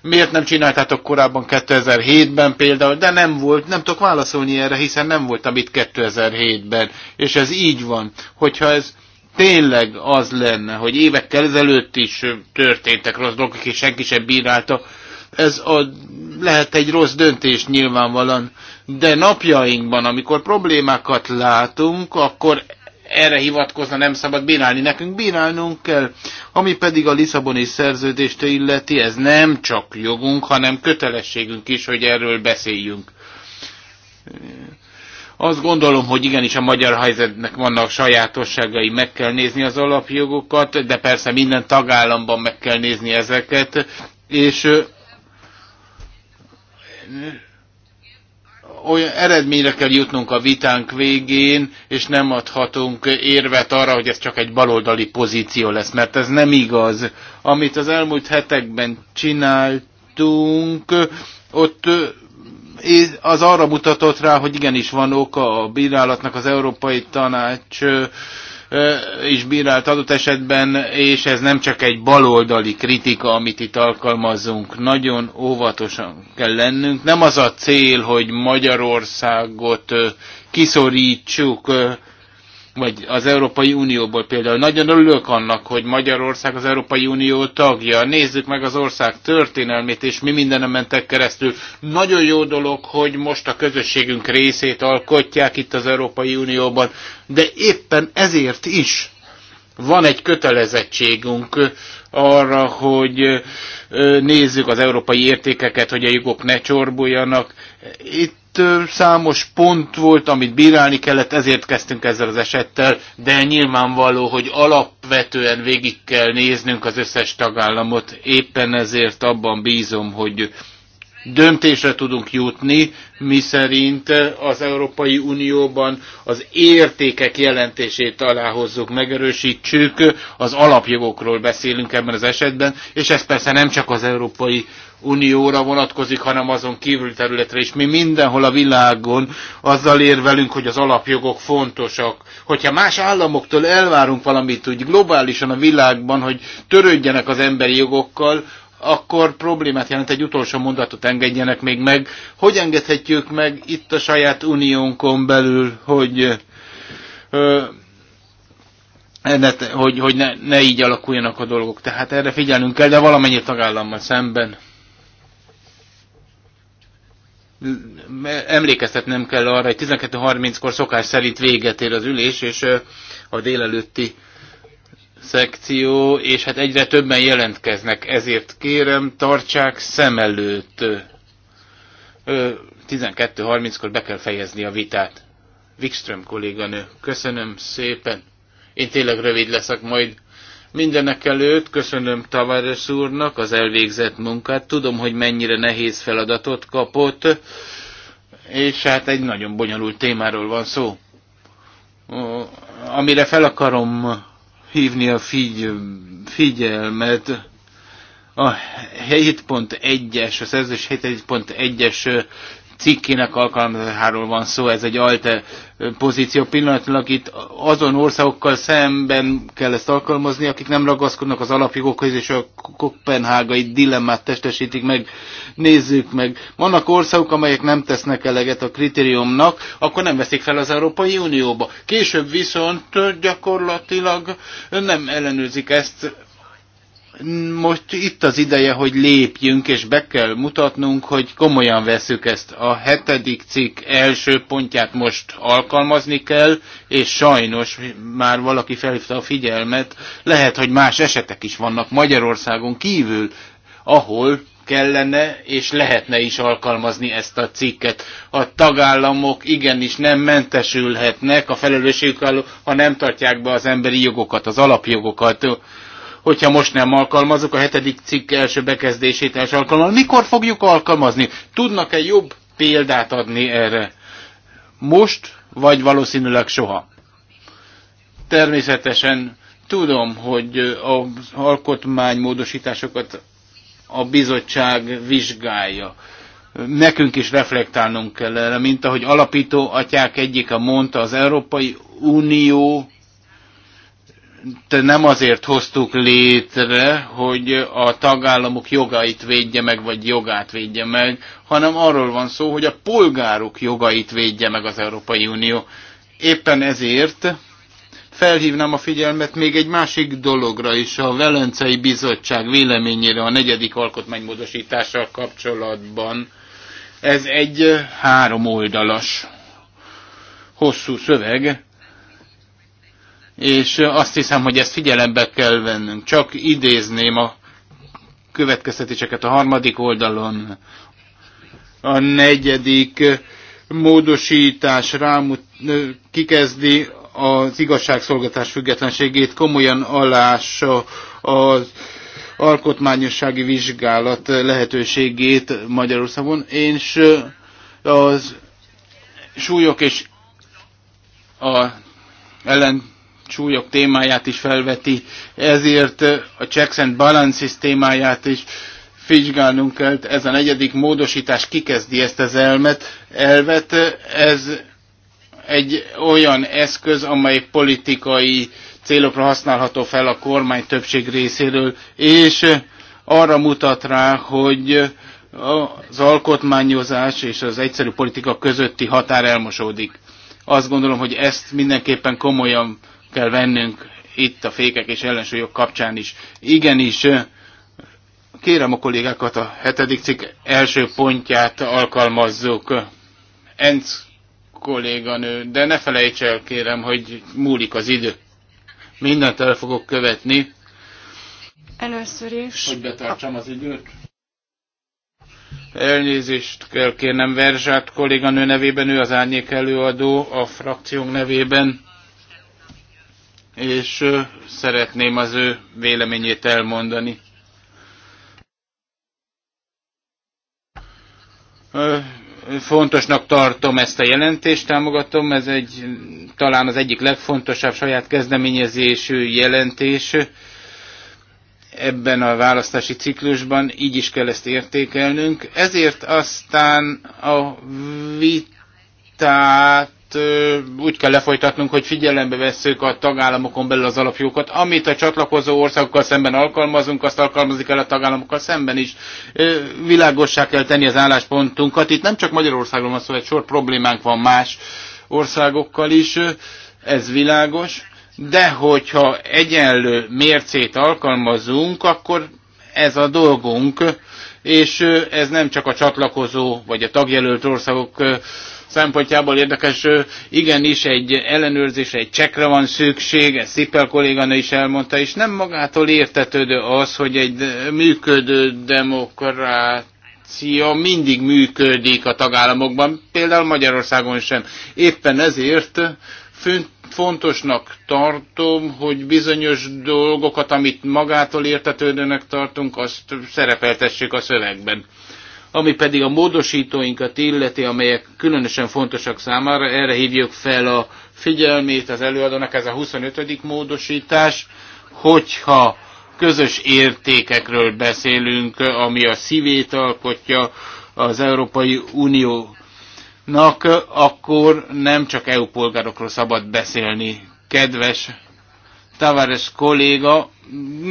miért nem csináltátok korábban 2007-ben például, de nem volt, nem tudok válaszolni erre, hiszen nem volt amit 2007-ben, és ez így van, hogyha ez tényleg az lenne, hogy évekkel ezelőtt is történtek rossz dolgok, és senki sem bírálta, ez a, lehet egy rossz döntés nyilvánvalóan, de napjainkban, amikor problémákat látunk, akkor erre hivatkozna nem szabad bírálni. Nekünk bírálnunk kell. Ami pedig a Lisszaboni szerződést illeti, ez nem csak jogunk, hanem kötelességünk is, hogy erről beszéljünk. Azt gondolom, hogy igenis a magyar helyzetnek vannak sajátosságai, meg kell nézni az alapjogokat, de persze minden tagállamban meg kell nézni ezeket, és olyan eredményre kell jutnunk a vitánk végén, és nem adhatunk érvet arra, hogy ez csak egy baloldali pozíció lesz, mert ez nem igaz. Amit az elmúlt hetekben csináltunk, ott az arra mutatott rá, hogy igenis van oka a bírálatnak az Európai Tanács is bírált adott esetben, és ez nem csak egy baloldali kritika, amit itt alkalmazunk. Nagyon óvatosan kell lennünk. Nem az a cél, hogy Magyarországot kiszorítsuk vagy az Európai Unióból például. Nagyon örülök annak, hogy Magyarország az Európai Unió tagja. Nézzük meg az ország történelmét, és mi mindenem mentek keresztül. Nagyon jó dolog, hogy most a közösségünk részét alkotják itt az Európai Unióban, de éppen ezért is van egy kötelezettségünk arra, hogy nézzük az európai értékeket, hogy a jogok ne csorbuljanak. Itt számos pont volt, amit bírálni kellett, ezért kezdtünk ezzel az esettel, de nyilvánvaló, hogy alapvetően végig kell néznünk az összes tagállamot. Éppen ezért abban bízom, hogy döntésre tudunk jutni, miszerint az Európai Unióban az értékek jelentését aláhozzuk, megerősítsük, az alapjogokról beszélünk ebben az esetben, és ez persze nem csak az Európai Unióra vonatkozik, hanem azon kívül területre is. Mi mindenhol a világon azzal érvelünk, hogy az alapjogok fontosak. Hogyha más államoktól elvárunk valamit úgy globálisan a világban, hogy törődjenek az emberi jogokkal, akkor problémát jelent, egy utolsó mondatot engedjenek még meg. Hogy engedhetjük meg itt a saját uniónkon belül, hogy, hogy, hogy ne, ne így alakuljanak a dolgok? Tehát erre figyelnünk kell, de valamennyi tagállammal szemben emlékeztetnem kell arra, hogy 12.30-kor szokás szerint véget ér az ülés, és a délelőtti szekció, és hát egyre többen jelentkeznek, ezért kérem, tartsák szem előtt. 12.30-kor be kell fejezni a vitát. Wikström kolléganő, köszönöm szépen. Én tényleg rövid leszek majd. Mindenek előtt köszönöm Tavares úrnak az elvégzett munkát. Tudom, hogy mennyire nehéz feladatot kapott, és hát egy nagyon bonyolult témáról van szó. Amire fel akarom hívni a figy figyelmet. A 7.1-es, a szerzős 7.1-es cikkének alkalmazásáról van szó, ez egy alte eh, pozíció pillanatilag itt azon országokkal szemben kell ezt alkalmazni, akik nem ragaszkodnak az alapjogokhoz, és a kopenhágai dilemmát testesítik meg. Nézzük meg. Vannak országok, amelyek nem tesznek eleget a kritériumnak, akkor nem veszik fel az Európai Unióba. Később viszont gyakorlatilag nem ellenőrzik ezt most itt az ideje, hogy lépjünk, és be kell mutatnunk, hogy komolyan veszük ezt. A hetedik cikk első pontját most alkalmazni kell, és sajnos már valaki felhívta a figyelmet, lehet, hogy más esetek is vannak Magyarországon kívül, ahol kellene és lehetne is alkalmazni ezt a cikket. A tagállamok igenis nem mentesülhetnek a felelősségük, ha nem tartják be az emberi jogokat, az alapjogokat hogyha most nem alkalmazok a hetedik cikk első bekezdését első alkalommal, mikor fogjuk alkalmazni? Tudnak-e jobb példát adni erre? Most, vagy valószínűleg soha? Természetesen tudom, hogy az alkotmánymódosításokat a bizottság vizsgálja. Nekünk is reflektálnunk kell erre, mint ahogy alapító atyák egyike mondta, az Európai Unió nem azért hoztuk létre, hogy a tagállamok jogait védje meg, vagy jogát védje meg, hanem arról van szó, hogy a polgárok jogait védje meg az Európai Unió. Éppen ezért felhívnám a figyelmet még egy másik dologra is, a Velencei Bizottság véleményére a negyedik alkotmánymódosítással kapcsolatban. Ez egy három oldalas, hosszú szöveg, és azt hiszem, hogy ezt figyelembe kell vennünk. Csak idézném a következtetéseket a harmadik oldalon. A negyedik módosítás rámut, kikezdi az igazságszolgatás függetlenségét, komolyan alása az alkotmányossági vizsgálat lehetőségét Magyarországon, és az súlyok és a ellen súlyok témáját is felveti, ezért eh, a checks and balances témáját is vizsgálnunk kell. Ez a negyedik módosítás kikezdi ezt az elmet, elvet. Ez egy olyan eszköz, amely politikai célokra használható fel a kormány többség részéről, és eh, arra mutat rá, hogy eh, az alkotmányozás és az egyszerű politika közötti határ elmosódik. Azt gondolom, hogy ezt mindenképpen komolyan kell vennünk itt a fékek és ellensúlyok kapcsán is. Igenis, kérem a kollégákat a hetedik cikk első pontját alkalmazzuk. Enc kolléganő, de ne felejts el kérem, hogy múlik az idő. Mindent el fogok követni. Először is. Hogy betartsam az időt. Elnézést kell kérnem Verzsát kolléganő nevében, ő az árnyék előadó a frakciónk nevében és szeretném az ő véleményét elmondani. Fontosnak tartom ezt a jelentést, támogatom, ez egy talán az egyik legfontosabb saját kezdeményezésű jelentés ebben a választási ciklusban, így is kell ezt értékelnünk. Ezért aztán a vitát Hát, úgy kell lefolytatnunk, hogy figyelembe vesszük a tagállamokon belül az alapjókat. Amit a csatlakozó országokkal szemben alkalmazunk, azt alkalmazik el a tagállamokkal szemben is. Világosság kell tenni az álláspontunkat. Itt nem csak Magyarországon, van szó, egy sor problémánk van más országokkal is. Ez világos. De hogyha egyenlő mércét alkalmazunk, akkor ez a dolgunk, és ez nem csak a csatlakozó vagy a tagjelölt országok szempontjából érdekes, igenis egy ellenőrzésre, egy csekre van szükség, ezt Szippel kolléganő is elmondta, és nem magától értetődő az, hogy egy működő demokrát mindig működik a tagállamokban, például Magyarországon sem. Éppen ezért fontosnak tartom, hogy bizonyos dolgokat, amit magától értetődőnek tartunk, azt szerepeltessék a szövegben. Ami pedig a módosítóinkat illeti, amelyek különösen fontosak számára, erre hívjuk fel a figyelmét az előadónak, ez a 25. módosítás, hogyha közös értékekről beszélünk, ami a szívét alkotja az Európai Uniónak, akkor nem csak EU polgárokról szabad beszélni. Kedves Tavares kolléga,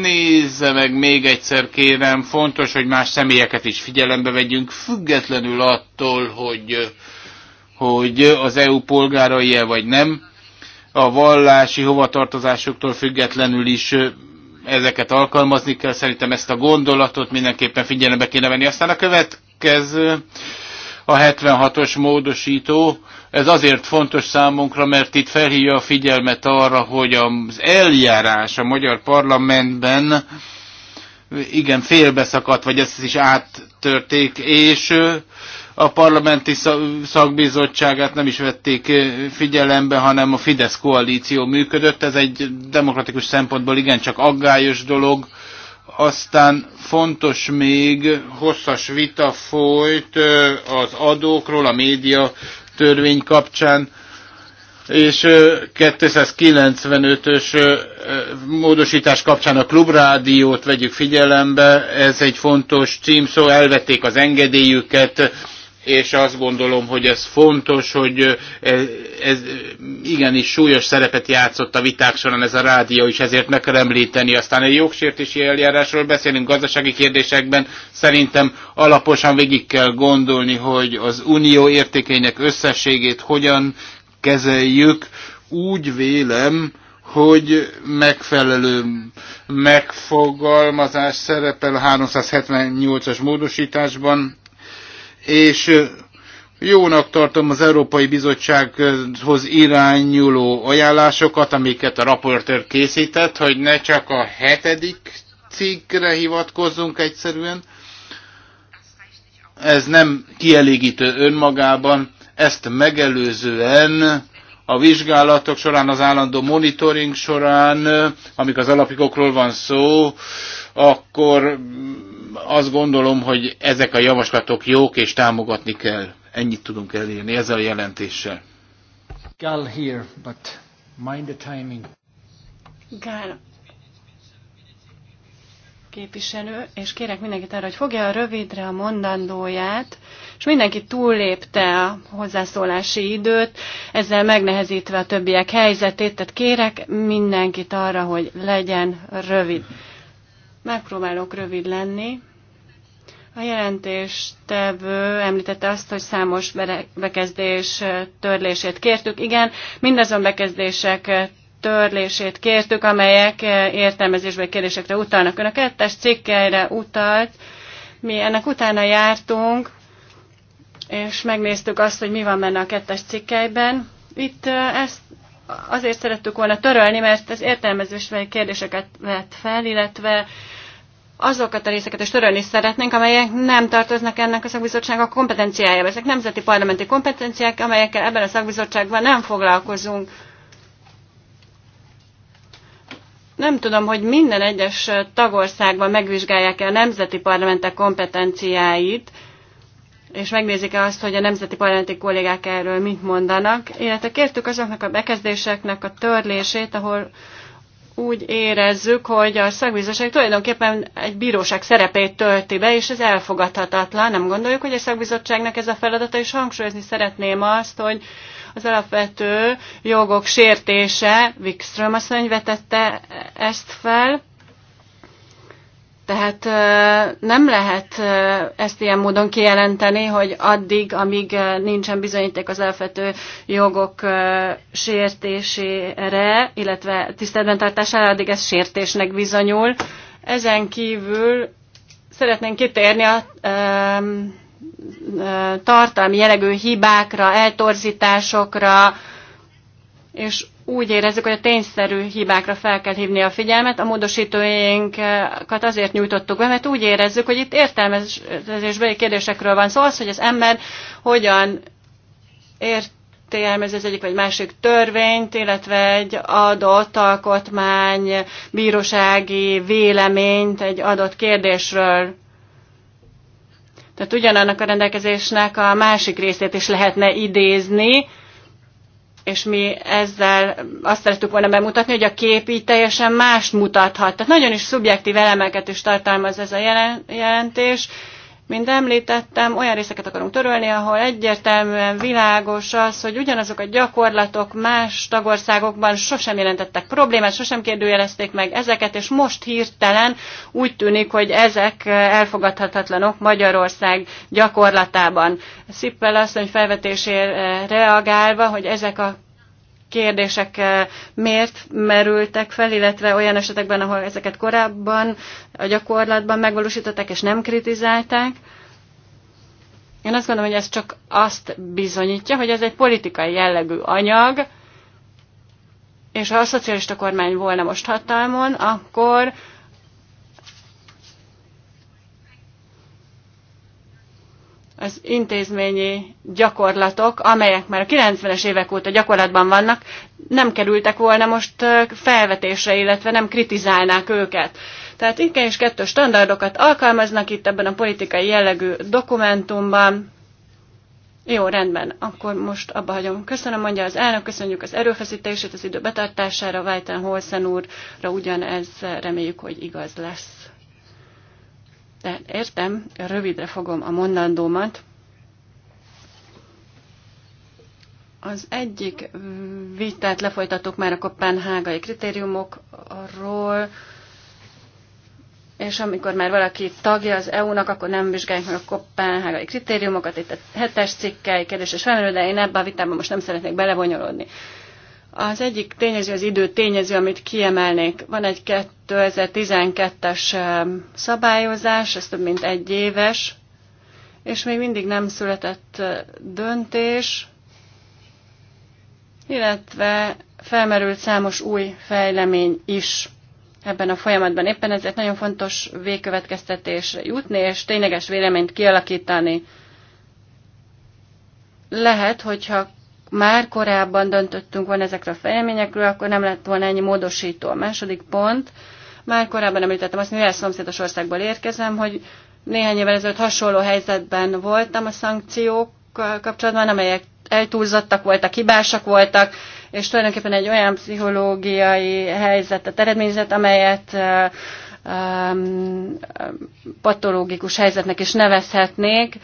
nézze meg még egyszer, kérem, fontos, hogy más személyeket is figyelembe vegyünk, függetlenül attól, hogy, hogy az EU polgárai-e vagy nem, a vallási hovatartozásoktól függetlenül is ezeket alkalmazni kell, szerintem ezt a gondolatot mindenképpen figyelembe kéne venni. Aztán a következő, a 76-os módosító, ez azért fontos számunkra, mert itt felhívja a figyelmet arra, hogy az eljárás a magyar parlamentben igen, félbeszakadt, vagy ezt is áttörték, és a parlamenti szakbizottságát nem is vették figyelembe, hanem a Fidesz koalíció működött. Ez egy demokratikus szempontból igencsak aggályos dolog. Aztán fontos még, hosszas vita folyt az adókról, a média törvény kapcsán, és 295-ös módosítás kapcsán a klubrádiót vegyük figyelembe, ez egy fontos címszó, szó szóval elvették az engedélyüket, és azt gondolom, hogy ez fontos, hogy e, ez, ez igenis súlyos szerepet játszott a viták során ez a rádió is, ezért meg kell említeni. Aztán egy jogsértési eljárásról beszélünk gazdasági kérdésekben, szerintem alaposan végig kell gondolni, hogy az unió értékeinek összességét hogyan kezeljük. Úgy vélem, hogy megfelelő megfogalmazás szerepel a 378-as módosításban, és jónak tartom az Európai Bizottsághoz irányuló ajánlásokat, amiket a raportőr készített, hogy ne csak a hetedik cikkre hivatkozzunk egyszerűen. Ez nem kielégítő önmagában, ezt megelőzően a vizsgálatok során, az állandó monitoring során, amik az alapjogokról van szó, akkor azt gondolom, hogy ezek a javaslatok jók, és támogatni kell. Ennyit tudunk elérni ezzel a jelentéssel. Gál here, but mind the timing. Gál képviselő, és kérek mindenkit arra, hogy fogja a rövidre a mondandóját, és mindenki túllépte a hozzászólási időt, ezzel megnehezítve a többiek helyzetét, tehát kérek mindenkit arra, hogy legyen rövid. Megpróbálok rövid lenni. A jelentéstevő említette azt, hogy számos bekezdés törlését kértük. Igen, mindazon bekezdések törlését kértük, amelyek értelmezésben kérdésekre utalnak. Ön a kettes cikkelyre utalt, mi ennek utána jártunk, és megnéztük azt, hogy mi van benne a kettes cikkelyben. Itt ezt azért szerettük volna törölni, mert ez értelmezős kérdéseket vett fel, illetve azokat a részeket is törölni szeretnénk, amelyek nem tartoznak ennek a szakbizottságnak a kompetenciájába. Ezek nemzeti parlamenti kompetenciák, amelyekkel ebben a szakbizottságban nem foglalkozunk. Nem tudom, hogy minden egyes tagországban megvizsgálják-e a nemzeti parlamentek kompetenciáit, és megnézik azt, hogy a nemzeti parlamenti kollégák erről mit mondanak, illetve kértük azoknak a bekezdéseknek a törlését, ahol úgy érezzük, hogy a szakbizottság tulajdonképpen egy bíróság szerepét tölti be, és ez elfogadhatatlan. Nem gondoljuk, hogy a szakbizottságnak ez a feladata, és hangsúlyozni szeretném azt, hogy az alapvető jogok sértése, Wikström asszony vetette ezt fel, tehát nem lehet ezt ilyen módon kijelenteni, hogy addig, amíg nincsen bizonyíték az elfető jogok sértésére, illetve tiszteletben tartására, addig ez sértésnek bizonyul. Ezen kívül szeretnénk kitérni a tartalmi jellegű hibákra, eltorzításokra, és úgy érezzük, hogy a tényszerű hibákra fel kell hívni a figyelmet. A módosítóinkat azért nyújtottuk be, mert úgy érezzük, hogy itt értelmezésbeli kérdésekről van szó, szóval az, hogy az ember hogyan értelmez az egyik vagy másik törvényt, illetve egy adott alkotmány, bírósági véleményt egy adott kérdésről. Tehát ugyanannak a rendelkezésnek a másik részét is lehetne idézni, és mi ezzel azt szerettük volna bemutatni, hogy a kép így teljesen mást mutathat. Tehát nagyon is szubjektív elemeket is tartalmaz ez a jelentés, mint említettem, olyan részeket akarunk törölni, ahol egyértelműen világos az, hogy ugyanazok a gyakorlatok más tagországokban sosem jelentettek problémát, sosem kérdőjelezték meg ezeket, és most hirtelen úgy tűnik, hogy ezek elfogadhatatlanok Magyarország gyakorlatában. Szippel azt hogy felvetésére reagálva, hogy ezek a kérdések eh, miért merültek fel, illetve olyan esetekben, ahol ezeket korábban a gyakorlatban megvalósították és nem kritizálták. Én azt gondolom, hogy ez csak azt bizonyítja, hogy ez egy politikai jellegű anyag, és ha a szocialista kormány volna most hatalmon, akkor az intézményi gyakorlatok, amelyek már a 90-es évek óta gyakorlatban vannak, nem kerültek volna most felvetésre, illetve nem kritizálnák őket. Tehát is kettő standardokat alkalmaznak itt ebben a politikai jellegű dokumentumban. Jó, rendben, akkor most abba hagyom. Köszönöm, mondja az elnök, köszönjük az erőfeszítését, az idő betartására, Vájten Holszen úrra ugyanez reméljük, hogy igaz lesz. Tehát értem, rövidre fogom a mondandómat. Az egyik vitát lefolytattuk már a kopenhágai kritériumokról, és amikor már valaki tagja az EU-nak, akkor nem vizsgáljuk meg a kopenhágai kritériumokat, itt a hetes cikkei kérdés és felmerül, de én ebbe a vitában most nem szeretnék belevonyolódni. Az egyik tényező az idő tényező, amit kiemelnék. Van egy 2012-es szabályozás, ez több mint egy éves, és még mindig nem született döntés, illetve felmerült számos új fejlemény is ebben a folyamatban. Éppen ezért nagyon fontos végkövetkeztetésre jutni, és tényleges véleményt kialakítani. Lehet, hogyha már korábban döntöttünk volna ezekről a fejleményekről, akkor nem lett volna ennyi módosító. A második pont, már korábban említettem azt, mivel szomszédos országból érkezem, hogy néhány évvel ezelőtt hasonló helyzetben voltam a szankciók kapcsolatban, amelyek eltúlzottak voltak, hibásak voltak, és tulajdonképpen egy olyan pszichológiai helyzetet eredményezett, amelyet um, patológikus helyzetnek is nevezhetnék.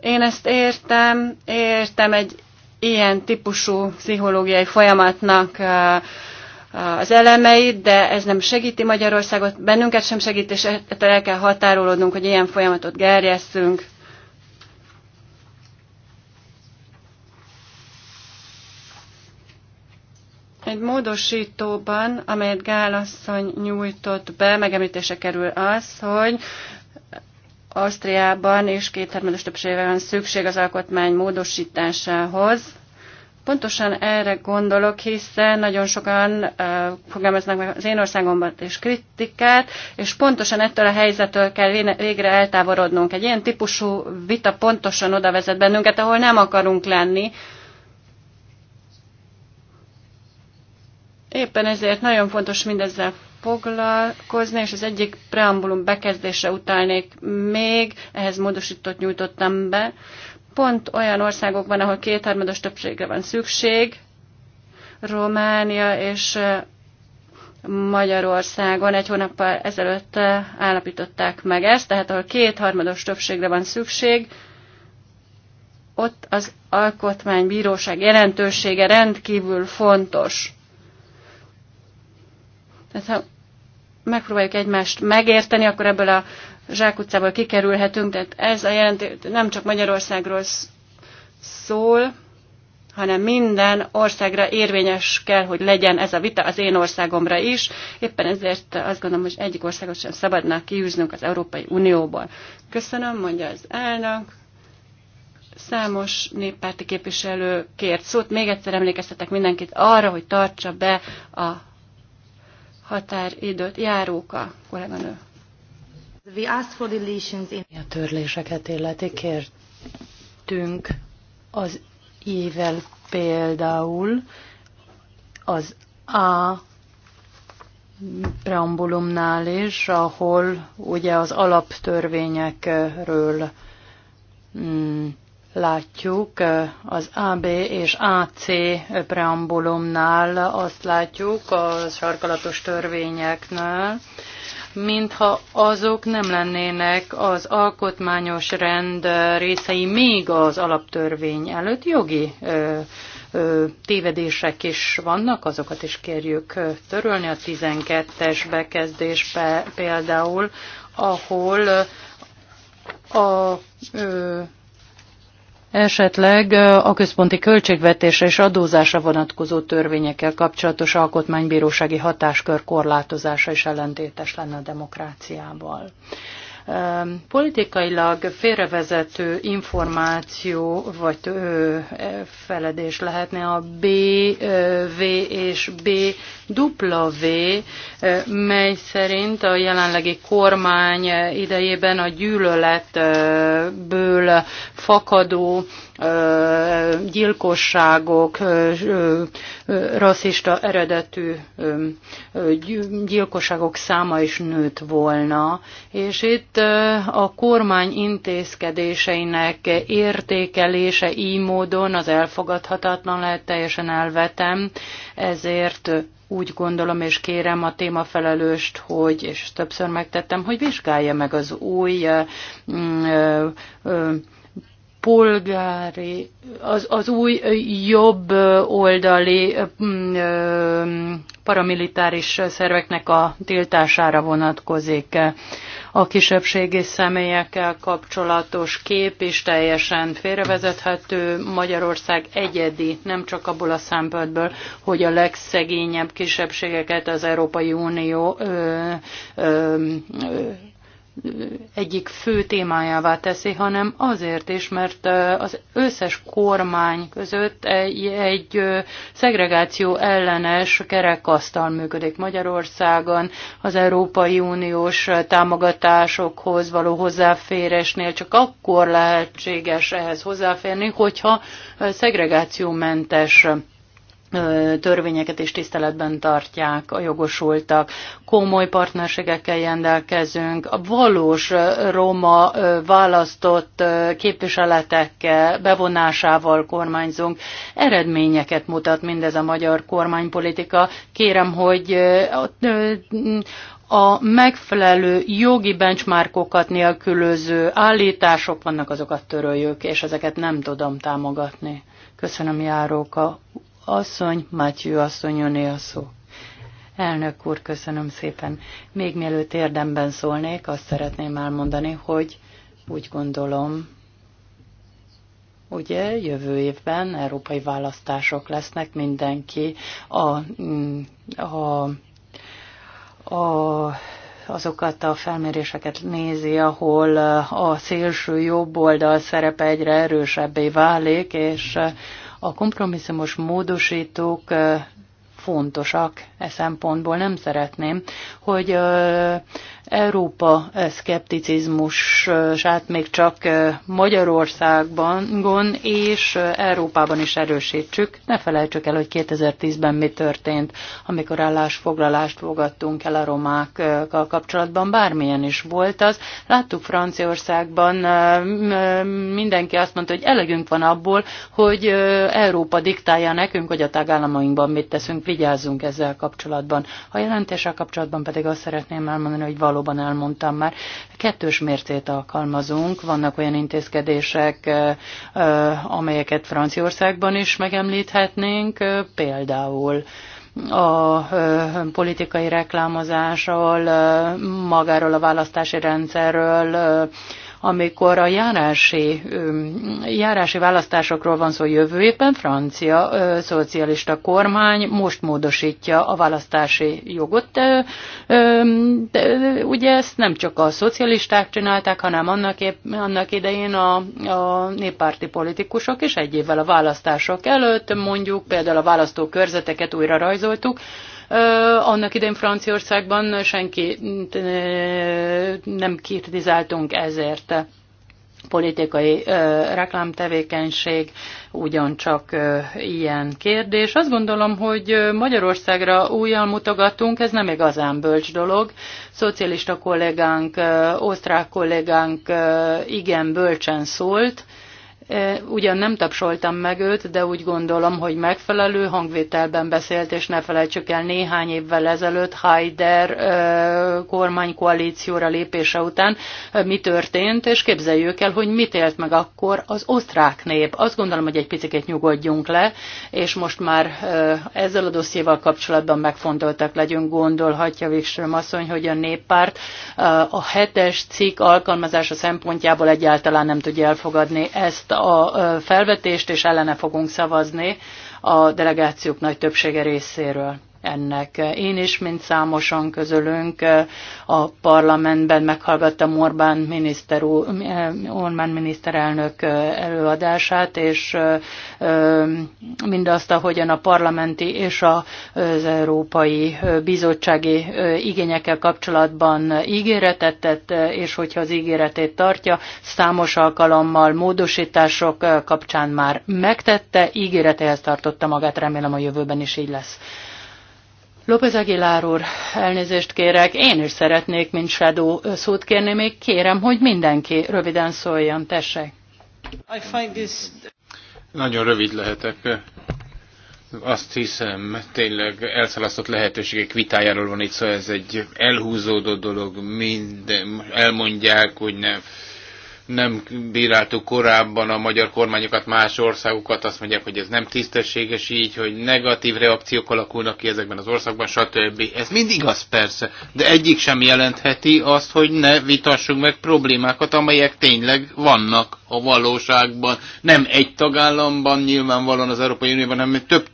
Én ezt értem, értem egy ilyen típusú pszichológiai folyamatnak eh, eh, az elemeit, de ez nem segíti Magyarországot, bennünket sem segít, és ettől el kell határolódnunk, hogy ilyen folyamatot gerjesszünk. Egy módosítóban, amelyet Gálasszony nyújtott be, megemlítése kerül az, hogy Ausztriában is kétharmados többsége van szükség az alkotmány módosításához. Pontosan erre gondolok, hiszen nagyon sokan uh, fogalmaznak meg az én országomban is kritikát, és pontosan ettől a helyzetől kell végre eltávolodnunk. Egy ilyen típusú vita pontosan oda vezet bennünket, ahol nem akarunk lenni. Éppen ezért nagyon fontos mindezzel foglalkozni, és az egyik preambulum bekezdése utálnék még, ehhez módosított nyújtottam be. Pont olyan országokban, ahol kétharmados többségre van szükség, Románia és eh, Magyarországon egy hónappal ezelőtt eh, állapították meg ezt, tehát ahol kétharmados többségre van szükség, ott az alkotmánybíróság jelentősége rendkívül fontos. Tehát ha megpróbáljuk egymást megérteni, akkor ebből a zsákutcából kikerülhetünk, tehát ez a jelentés nem csak Magyarországról szól, hanem minden országra érvényes kell, hogy legyen ez a vita az én országomra is. Éppen ezért azt gondolom, hogy egyik országot sem szabadna kiűznünk az Európai Unióból. Köszönöm, mondja az elnök. Számos néppárti képviselő kért szót. Még egyszer emlékeztetek mindenkit arra, hogy tartsa be a határidőt. Járóka, kolléganő. We asked for deletions in... A törléseket illeti kértünk az ível például az A preambulumnál is, ahol ugye az alaptörvényekről mm, látjuk az AB és AC preambulumnál, azt látjuk a sarkalatos törvényeknél, mintha azok nem lennének az alkotmányos rend részei még az alaptörvény előtt. Jogi tévedések is vannak, azokat is kérjük törölni. A 12-es bekezdés például, ahol a esetleg a központi költségvetésre és adózásra vonatkozó törvényekkel kapcsolatos alkotmánybírósági hatáskör korlátozása is ellentétes lenne a demokráciával politikailag félrevezető információ vagy e, feledés lehetne a BV és BW, mely szerint a jelenlegi kormány idejében a gyűlöletből fakadó gyilkosságok, rasszista eredetű gyilkosságok száma is nőtt volna, és itt a kormány intézkedéseinek értékelése így módon az elfogadhatatlan lehet, teljesen elvetem, ezért úgy gondolom és kérem a témafelelőst, hogy, és többször megtettem, hogy vizsgálja meg az új polgári, az, az új jobb oldali paramilitáris szerveknek a tiltására vonatkozik. A kisebbségi személyekkel kapcsolatos kép is teljesen félrevezethető. Magyarország egyedi, nem csak abból a szempontból, hogy a legszegényebb kisebbségeket az Európai Unió ö, ö, ö, egyik fő témájává teszi, hanem azért is, mert az összes kormány között egy, egy szegregáció ellenes kerekasztal működik Magyarországon, az Európai Uniós támogatásokhoz való hozzáférésnél csak akkor lehetséges ehhez hozzáférni, hogyha szegregációmentes törvényeket is tiszteletben tartják a jogosultak, komoly partnerségekkel rendelkezünk, a valós roma választott képviseletek bevonásával kormányzunk. Eredményeket mutat mindez a magyar kormánypolitika. Kérem, hogy a megfelelő jogi benchmarkokat nélkülöző állítások vannak, azokat töröljük, és ezeket nem tudom támogatni. Köszönöm, Járóka asszony, Mátyő asszony, a szó. Elnök úr, köszönöm szépen. Még mielőtt érdemben szólnék, azt szeretném elmondani, hogy úgy gondolom, ugye jövő évben európai választások lesznek, mindenki a, a, a azokat a felméréseket nézi, ahol a szélső jobb oldal szerepe egyre erősebbé válik, és a kompromisszumos módosítók fontosak e szempontból. Nem szeretném, hogy Európa szkepticizmusát még csak Magyarországon és Európában is erősítsük. Ne felejtsük el, hogy 2010-ben mi történt, amikor állásfoglalást fogadtunk el a romákkal kapcsolatban, bármilyen is volt az. Láttuk Franciaországban, mindenki azt mondta, hogy elegünk van abból, hogy Európa diktálja nekünk, hogy a tagállamainkban mit teszünk, vigyázzunk ezzel kapcsolatban. A jelentéssel kapcsolatban pedig azt szeretném elmondani, hogy való valóban elmondtam már, kettős mércét alkalmazunk. Vannak olyan intézkedések, amelyeket Franciaországban is megemlíthetnénk, például a politikai reklámozásról, magáról a választási rendszerről, amikor a járási, járási választásokról van szó jövő éppen, francia szocialista kormány most módosítja a választási jogot. De, de, ugye ezt nem csak a szocialisták csinálták, hanem annak, épp, annak idején a, a néppárti politikusok is egy évvel a választások előtt, mondjuk például a választókörzeteket újra rajzoltuk, annak idején Franciaországban senki nem kritizáltunk ezért politikai reklámtevékenység ugyancsak ilyen kérdés. Azt gondolom, hogy Magyarországra újjal mutogatunk, ez nem igazán bölcs dolog. Szocialista kollégánk, osztrák kollégánk igen bölcsen szólt, Ugyan nem tapsoltam meg őt, de úgy gondolom, hogy megfelelő hangvételben beszélt, és ne felejtsük el néhány évvel ezelőtt Haider kormánykoalícióra lépése után mi történt, és képzeljük el, hogy mit élt meg akkor az osztrák nép. Azt gondolom, hogy egy picit nyugodjunk le, és most már ezzel a dossziéval kapcsolatban megfontoltak legyünk, gondolhatja Wikström asszony, hogy a néppárt a hetes cikk alkalmazása szempontjából egyáltalán nem tudja elfogadni ezt a felvetést, és ellene fogunk szavazni a delegációk nagy többsége részéről ennek. Én is, mint számosan közülünk a parlamentben meghallgattam Orbán, miniszter, Orbán miniszterelnök előadását, és mindazt, ahogyan a parlamenti és az Európai Bizottsági igényekkel kapcsolatban ígéretet tett, és hogyha az ígéretét tartja, számos alkalommal módosítások kapcsán már megtette, ígéretehez tartotta magát, remélem a jövőben is így lesz. López Aguilar úr, elnézést kérek, én is szeretnék, mint Shadow szót kérni, még kérem, hogy mindenki röviden szóljon, tessék. this... Nagyon rövid lehetek. Azt hiszem, tényleg elszalasztott lehetőségek vitájáról van itt szó, szóval ez egy elhúzódó dolog, minden elmondják, hogy nem nem bíráltuk korábban a magyar kormányokat, más országokat, azt mondják, hogy ez nem tisztességes így, hogy negatív reakciók alakulnak ki ezekben az országban, stb. Ez mindig az persze, de egyik sem jelentheti azt, hogy ne vitassunk meg problémákat, amelyek tényleg vannak a valóságban. Nem egy tagállamban, nyilvánvalóan az Európai Unióban, hanem több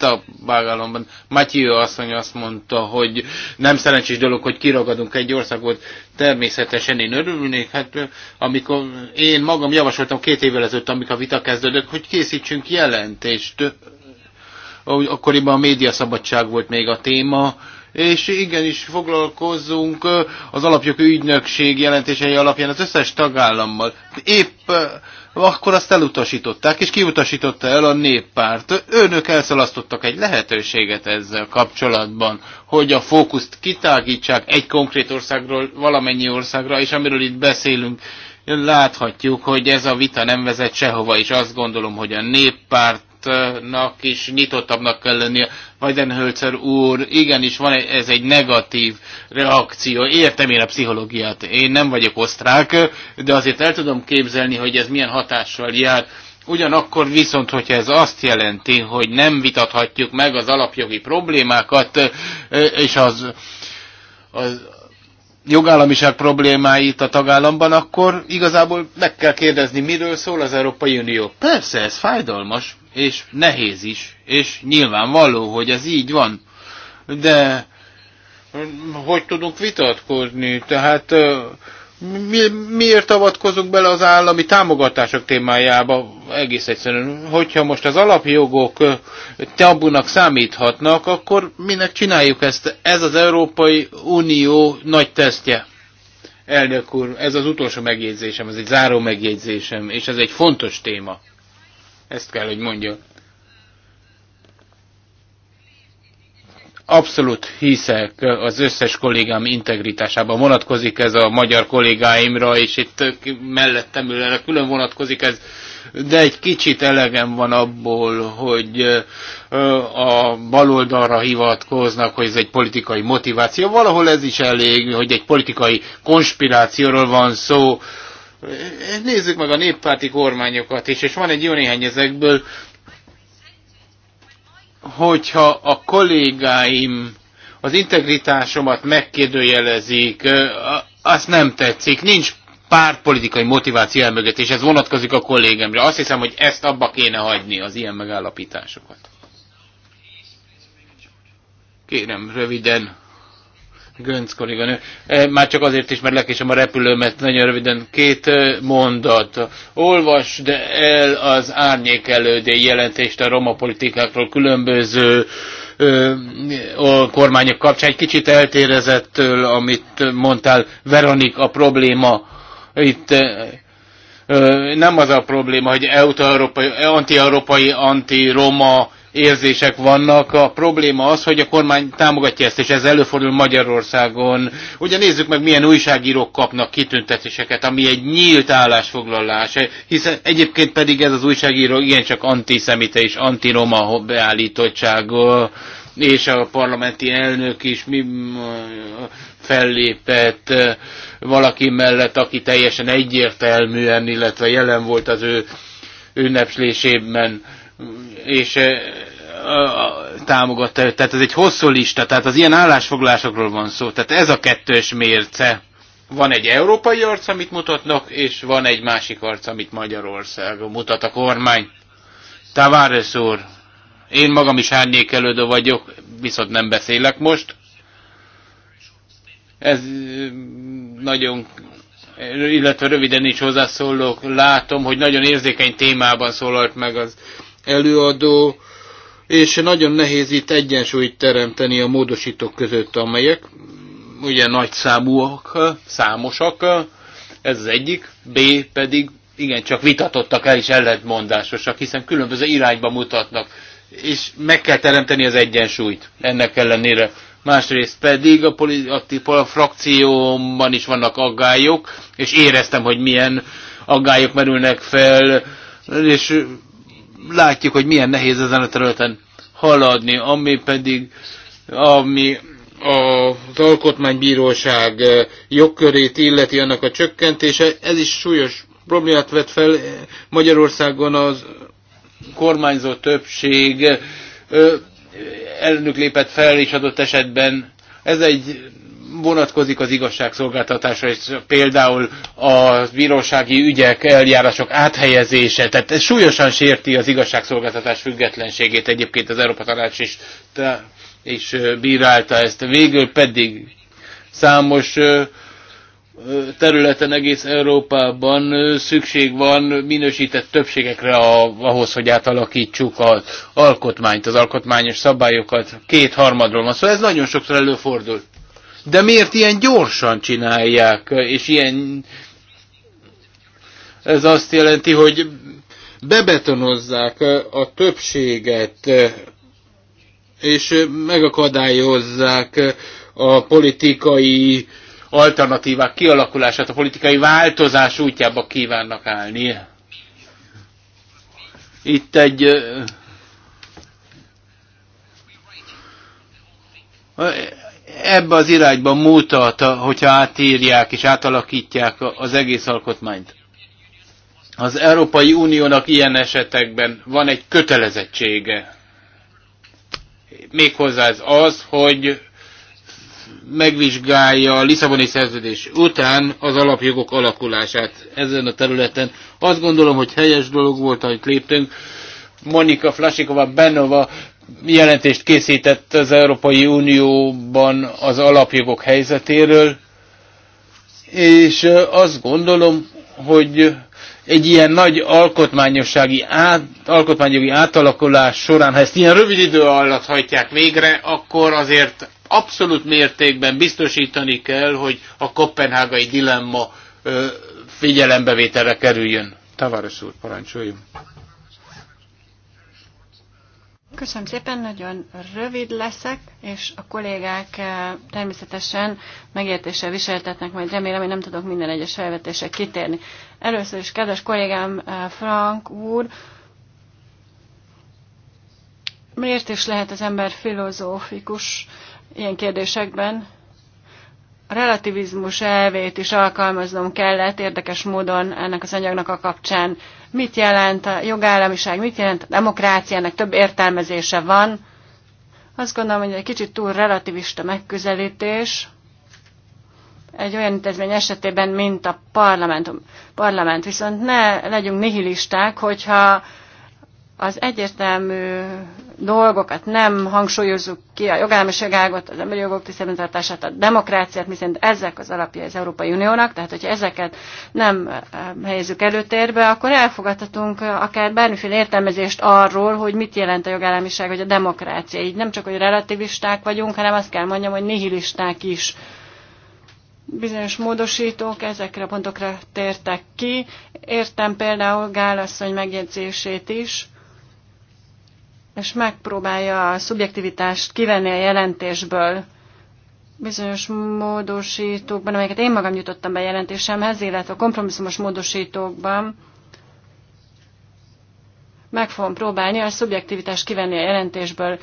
tagállamban. Matyő asszony azt mondta, hogy nem szerencsés dolog, hogy kiragadunk egy országot. Természetesen én örülnék, hát amikor én magam javasoltam két évvel ezelőtt, amikor a vita kezdődött, hogy készítsünk jelentést. Akkoriban a médiaszabadság volt még a téma, és igenis foglalkozzunk az alapjog ügynökség jelentései alapján az összes tagállammal. Épp akkor azt elutasították, és kiutasította el a néppárt. Önök elszalasztottak egy lehetőséget ezzel kapcsolatban, hogy a fókuszt kitágítsák egy konkrét országról valamennyi országra, és amiről itt beszélünk, Láthatjuk, hogy ez a vita nem vezet sehova, és azt gondolom, hogy a néppártnak is nyitottabbnak kell lennie. Weidenhölzer úr, igenis van egy, ez egy negatív reakció. Értem én a pszichológiát, én nem vagyok osztrák, de azért el tudom képzelni, hogy ez milyen hatással jár. Ugyanakkor viszont, hogyha ez azt jelenti, hogy nem vitathatjuk meg az alapjogi problémákat, és az, az jogállamiság problémáit a tagállamban, akkor igazából meg kell kérdezni, miről szól az Európai Unió. Persze, ez fájdalmas, és nehéz is, és nyilvánvaló, hogy ez így van. De hogy tudunk vitatkozni? Tehát mi, miért avatkozunk bele az állami támogatások témájába? Egész egyszerűen, hogyha most az alapjogok tabunak számíthatnak, akkor minek csináljuk ezt? Ez az Európai Unió nagy tesztje. Elnök úr, ez az utolsó megjegyzésem, ez egy záró megjegyzésem, és ez egy fontos téma. Ezt kell, hogy mondjam. Abszolút hiszek az összes kollégám integritásában. Vonatkozik ez a magyar kollégáimra, és itt mellettem ülőre külön vonatkozik ez de egy kicsit elegem van abból, hogy a baloldalra hivatkoznak, hogy ez egy politikai motiváció. Valahol ez is elég, hogy egy politikai konspirációról van szó. Nézzük meg a néppárti kormányokat is, és van egy jó néhány ezekből, hogyha a kollégáim az integritásomat megkérdőjelezik, azt nem tetszik, nincs pártpolitikai motiváció elmögött, és ez vonatkozik a kollégámra. Azt hiszem, hogy ezt abba kéne hagyni, az ilyen megállapításokat. Kérem, röviden, Gönc kolléganő. E, már csak azért is, mert lekésem a repülőmet, nagyon röviden két e, mondat. Olvasd el az árnyék elődé jelentést a roma politikákról különböző e, a kormányok kapcsán. Egy kicsit eltérezettől, amit mondtál, Veronik, a probléma itt nem az a probléma, hogy anti-európai, anti-roma érzések vannak. A probléma az, hogy a kormány támogatja ezt, és ez előfordul Magyarországon. Ugye nézzük meg, milyen újságírók kapnak kitüntetéseket, ami egy nyílt állásfoglalás, hiszen egyébként pedig ez az újságíró igencsak antiszemite és antiroma beállítottsága és a parlamenti elnök is mi fellépett valaki mellett, aki teljesen egyértelműen, illetve jelen volt az ő ünneplésében, és támogatta, tehát ez egy hosszú lista, tehát az ilyen állásfoglalásokról van szó, tehát ez a kettős mérce. Van egy európai arc, amit mutatnak, és van egy másik arc, amit Magyarország mutat a kormány. Tavares úr, én magam is árnyékelődő vagyok, viszont nem beszélek most. Ez nagyon illetve röviden is hozzászólok, látom, hogy nagyon érzékeny témában szólalt meg az előadó, és nagyon nehéz itt egyensúlyt teremteni a módosítók között, amelyek ugye nagy számúak, számosak, ez az egyik, B pedig igen, csak vitatottak el is ellentmondásosak, hiszen különböző irányba mutatnak, és meg kell teremteni az egyensúlyt ennek ellenére. Másrészt pedig a, politikai a frakciómban is vannak aggályok, és éreztem, hogy milyen aggályok merülnek fel, és látjuk, hogy milyen nehéz ezen a területen haladni, ami pedig ami az alkotmánybíróság eh, jogkörét illeti annak a csökkentése, ez is súlyos problémát vet fel Magyarországon az kormányzó többség eh, elnök lépett fel, és adott esetben ez egy vonatkozik az igazságszolgáltatásra, és például a bírósági ügyek, eljárások áthelyezése, tehát ez súlyosan sérti az igazságszolgáltatás függetlenségét, egyébként az Európa Tanács is, is bírálta ezt. Végül pedig számos területen egész Európában szükség van minősített többségekre a, ahhoz, hogy átalakítsuk az alkotmányt, az alkotmányos szabályokat. Két harmadról van szó, szóval ez nagyon sokszor előfordul. De miért ilyen gyorsan csinálják, és ilyen... Ez azt jelenti, hogy bebetonozzák a többséget, és megakadályozzák a politikai alternatívák kialakulását, a politikai változás útjába kívánnak állni. Itt egy ebbe az irányba mutat, hogyha átírják és átalakítják az egész alkotmányt. Az Európai Uniónak ilyen esetekben van egy kötelezettsége. Méghozzá ez az, hogy megvizsgálja a Lisszaboni szerződés után az alapjogok alakulását ezen a területen. Azt gondolom, hogy helyes dolog volt, amit léptünk. Monika Flasikova Benova jelentést készített az Európai Unióban az alapjogok helyzetéről, és azt gondolom, hogy egy ilyen nagy alkotmányossági át, alkotmányjogi átalakulás során, ha ezt ilyen rövid idő alatt hajtják végre, akkor azért abszolút mértékben biztosítani kell, hogy a kopenhágai dilemma figyelembevételre kerüljön. Tavaros úr, parancsoljunk! Köszönöm szépen, nagyon rövid leszek, és a kollégák eh, természetesen megértéssel viseltetnek, majd remélem, hogy nem tudok minden egyes felvetésre kitérni. Először is, kedves kollégám eh, Frank úr, miért is lehet az ember filozófikus ilyen kérdésekben? A relativizmus elvét is alkalmaznom kellett érdekes módon ennek az anyagnak a kapcsán mit jelent a jogállamiság, mit jelent a demokráciának több értelmezése van. Azt gondolom, hogy egy kicsit túl relativista megközelítés egy olyan intézmény esetében, mint a parlament. parlament. Viszont ne legyünk nihilisták, hogyha az egyértelmű dolgokat nem hangsúlyozzuk ki, a jogállamiság ágot, az emberi jogok tisztelettartását, a demokráciát, miszerint ezek az alapja az Európai Uniónak, tehát hogyha ezeket nem helyezzük előtérbe, akkor elfogadhatunk akár bármiféle értelmezést arról, hogy mit jelent a jogállamiság vagy a demokrácia. Így nem csak, hogy relativisták vagyunk, hanem azt kell mondjam, hogy nihilisták is bizonyos módosítók ezekre a pontokra tértek ki. Értem például Gálasszony megjegyzését is, és megpróbálja a szubjektivitást kivenni a jelentésből bizonyos módosítókban, amelyeket én magam jutottam be a jelentésemhez, illetve a kompromisszumos módosítókban meg fogom próbálni a szubjektivitást kivenni a jelentésből.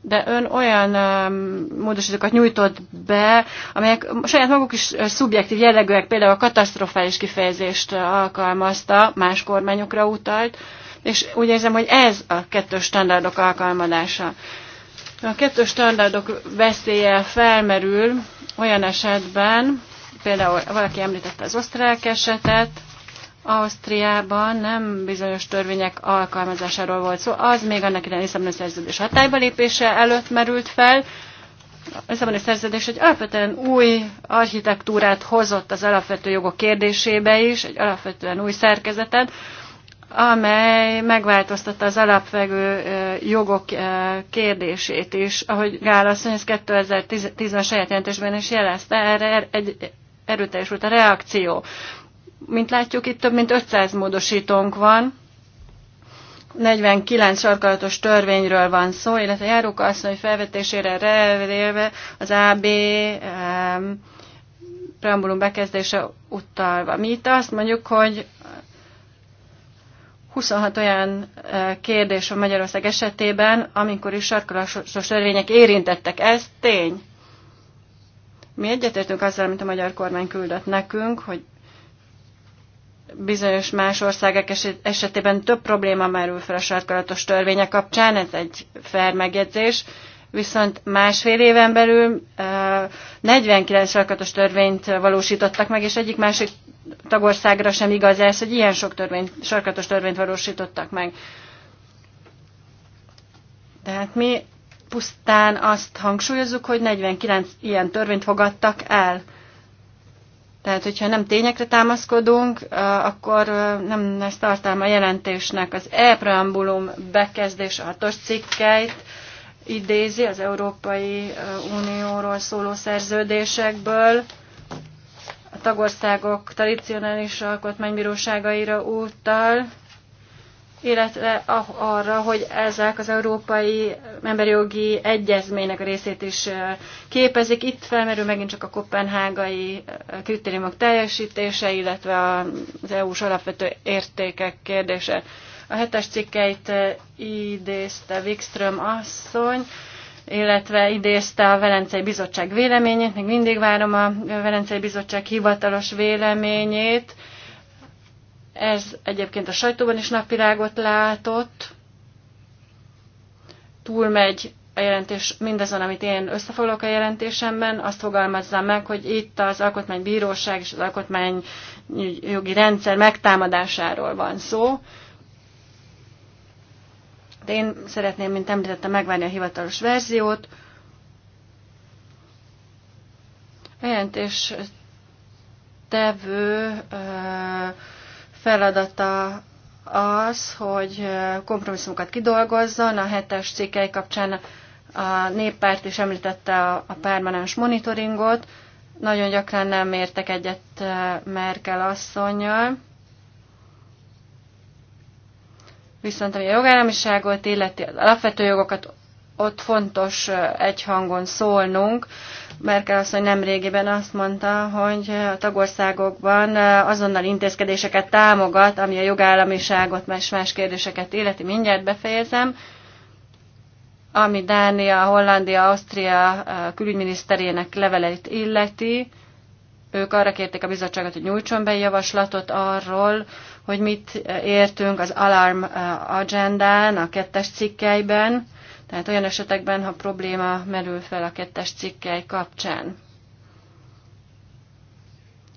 De ön olyan um, módosítókat nyújtott be, amelyek saját maguk is uh, szubjektív jellegűek, például a katasztrofális kifejezést uh, alkalmazta, más kormányokra utalt, és úgy érzem, hogy ez a kettős standardok alkalmazása. A kettős standardok veszélye felmerül olyan esetben, például valaki említette az osztrák esetet, Ausztriában nem bizonyos törvények alkalmazásáról volt szó, az még annak idején Lisszaboni szerződés hatályba lépése előtt merült fel. A Lisszaboni szerződés egy alapvetően új architektúrát hozott az alapvető jogok kérdésébe is, egy alapvetően új szerkezetet, amely megváltoztatta az alapvető jogok kérdését is. Ahogy Gál asszony, ez 2010-ben saját jelentésben is jelezte, erre er-, egy erőteljes volt a reakció. Mint látjuk, itt több mint 500 módosítónk van, 49 sarkalatos törvényről van szó, illetve járók asszony felvetésére revelélve az AB um, preambulum bekezdése utalva. Mi itt azt mondjuk, hogy 26 olyan e, kérdés van Magyarország esetében, amikor is sarkalásos törvények érintettek. Ez tény. Mi egyetértünk azzal, amit a magyar kormány küldött nekünk, hogy bizonyos más országok esetében több probléma merül fel a sarkalatos törvények kapcsán, ez egy fair megjegyzés, viszont másfél éven belül 49 e, sarkalatos törvényt valósítottak meg, és egyik másik tagországra sem igaz ez, hogy ilyen sok törvényt, sarkatos törvényt valósítottak meg. Tehát mi pusztán azt hangsúlyozzuk, hogy 49 ilyen törvényt fogadtak el. Tehát, hogyha nem tényekre támaszkodunk, akkor nem lesz tartalma jelentésnek. Az e-preambulum bekezdés a hatos cikkeit idézi az Európai Unióról szóló szerződésekből tagországok tradicionális alkotmánybíróságaira utal, illetve arra, hogy ezek az Európai Emberi Jogi Egyezménynek a részét is képezik. Itt felmerül megint csak a kopenhágai kritériumok teljesítése, illetve az EU-s alapvető értékek kérdése. A hetes cikkeit idézte Wikström asszony illetve idézte a Velencei Bizottság véleményét, még mindig várom a Velencei Bizottság hivatalos véleményét. Ez egyébként a sajtóban is napvilágot látott. Túlmegy a jelentés mindazon, amit én összefoglalok a jelentésemben, azt fogalmazzam meg, hogy itt az alkotmánybíróság és az alkotmányjogi rendszer megtámadásáról van szó. De én szeretném, mint említettem, megvárni a hivatalos verziót. A jelentés tevő feladata az, hogy kompromisszumokat kidolgozzon. A hetes cikkei kapcsán a néppárt is említette a permanens monitoringot. Nagyon gyakran nem értek egyet Merkel asszonynal. Viszont ami a jogállamiságot illeti, az alapvető jogokat ott fontos egy hangon szólnunk. Merkel nem nemrégiben azt mondta, hogy a tagországokban azonnal intézkedéseket támogat, ami a jogállamiságot, más más kérdéseket illeti. Mindjárt befejezem. Ami Dánia, Hollandia, Ausztria külügyminiszterének leveleit illeti, ők arra kérték a bizottságot, hogy nyújtson be javaslatot arról, hogy mit értünk az alarm eh, agendán, a kettes cikkelyben, tehát olyan esetekben, ha probléma merül fel a kettes cikkely kapcsán.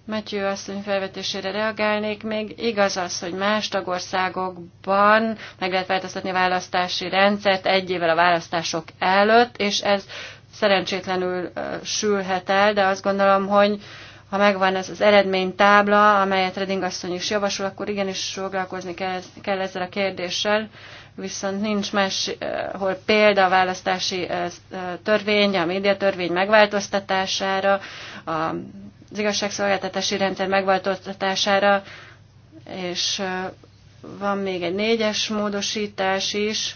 Matthew asszony felvetésére reagálnék még. Igaz az, hogy más tagországokban meg lehet változtatni a választási rendszert egy évvel a választások előtt, és ez szerencsétlenül eh, sülhet el, de azt gondolom, hogy ha megvan ez az eredménytábla, amelyet Reding asszony is javasol, akkor igenis foglalkozni kell, kell ezzel a kérdéssel, viszont nincs máshol példa a választási eh, eh, törvény, a médiatörvény megváltoztatására, az igazságszolgáltatási rendszer megváltoztatására, és eh, van még egy négyes módosítás is,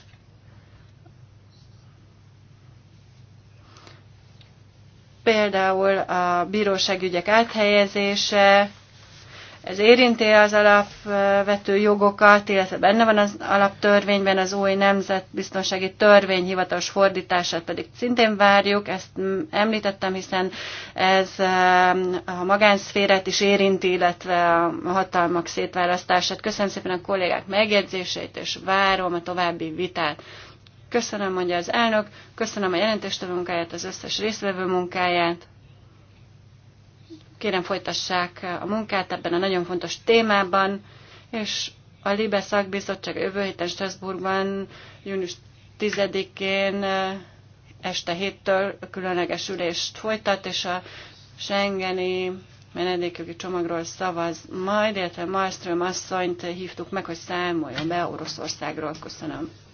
például a bíróságügyek áthelyezése, ez érinti az alapvető jogokat, illetve benne van az alaptörvényben az új nemzetbiztonsági törvény hivatalos fordítását pedig szintén várjuk, ezt említettem, hiszen ez a magánszférát is érinti, illetve a hatalmak szétválasztását. Köszönöm szépen a kollégák megjegyzéseit, és várom a további vitát. Köszönöm, mondja az elnök, köszönöm a jelentéstevő munkáját, az összes résztvevő munkáját. Kérem, folytassák a munkát ebben a nagyon fontos témában, és a Libe szakbizottság jövő héten Strasbourgban június 10-én este 7-től különleges ülést folytat, és a Schengeni menedékjogi csomagról szavaz majd, illetve Malmström asszonyt hívtuk meg, hogy számoljon be Oroszországról. Köszönöm.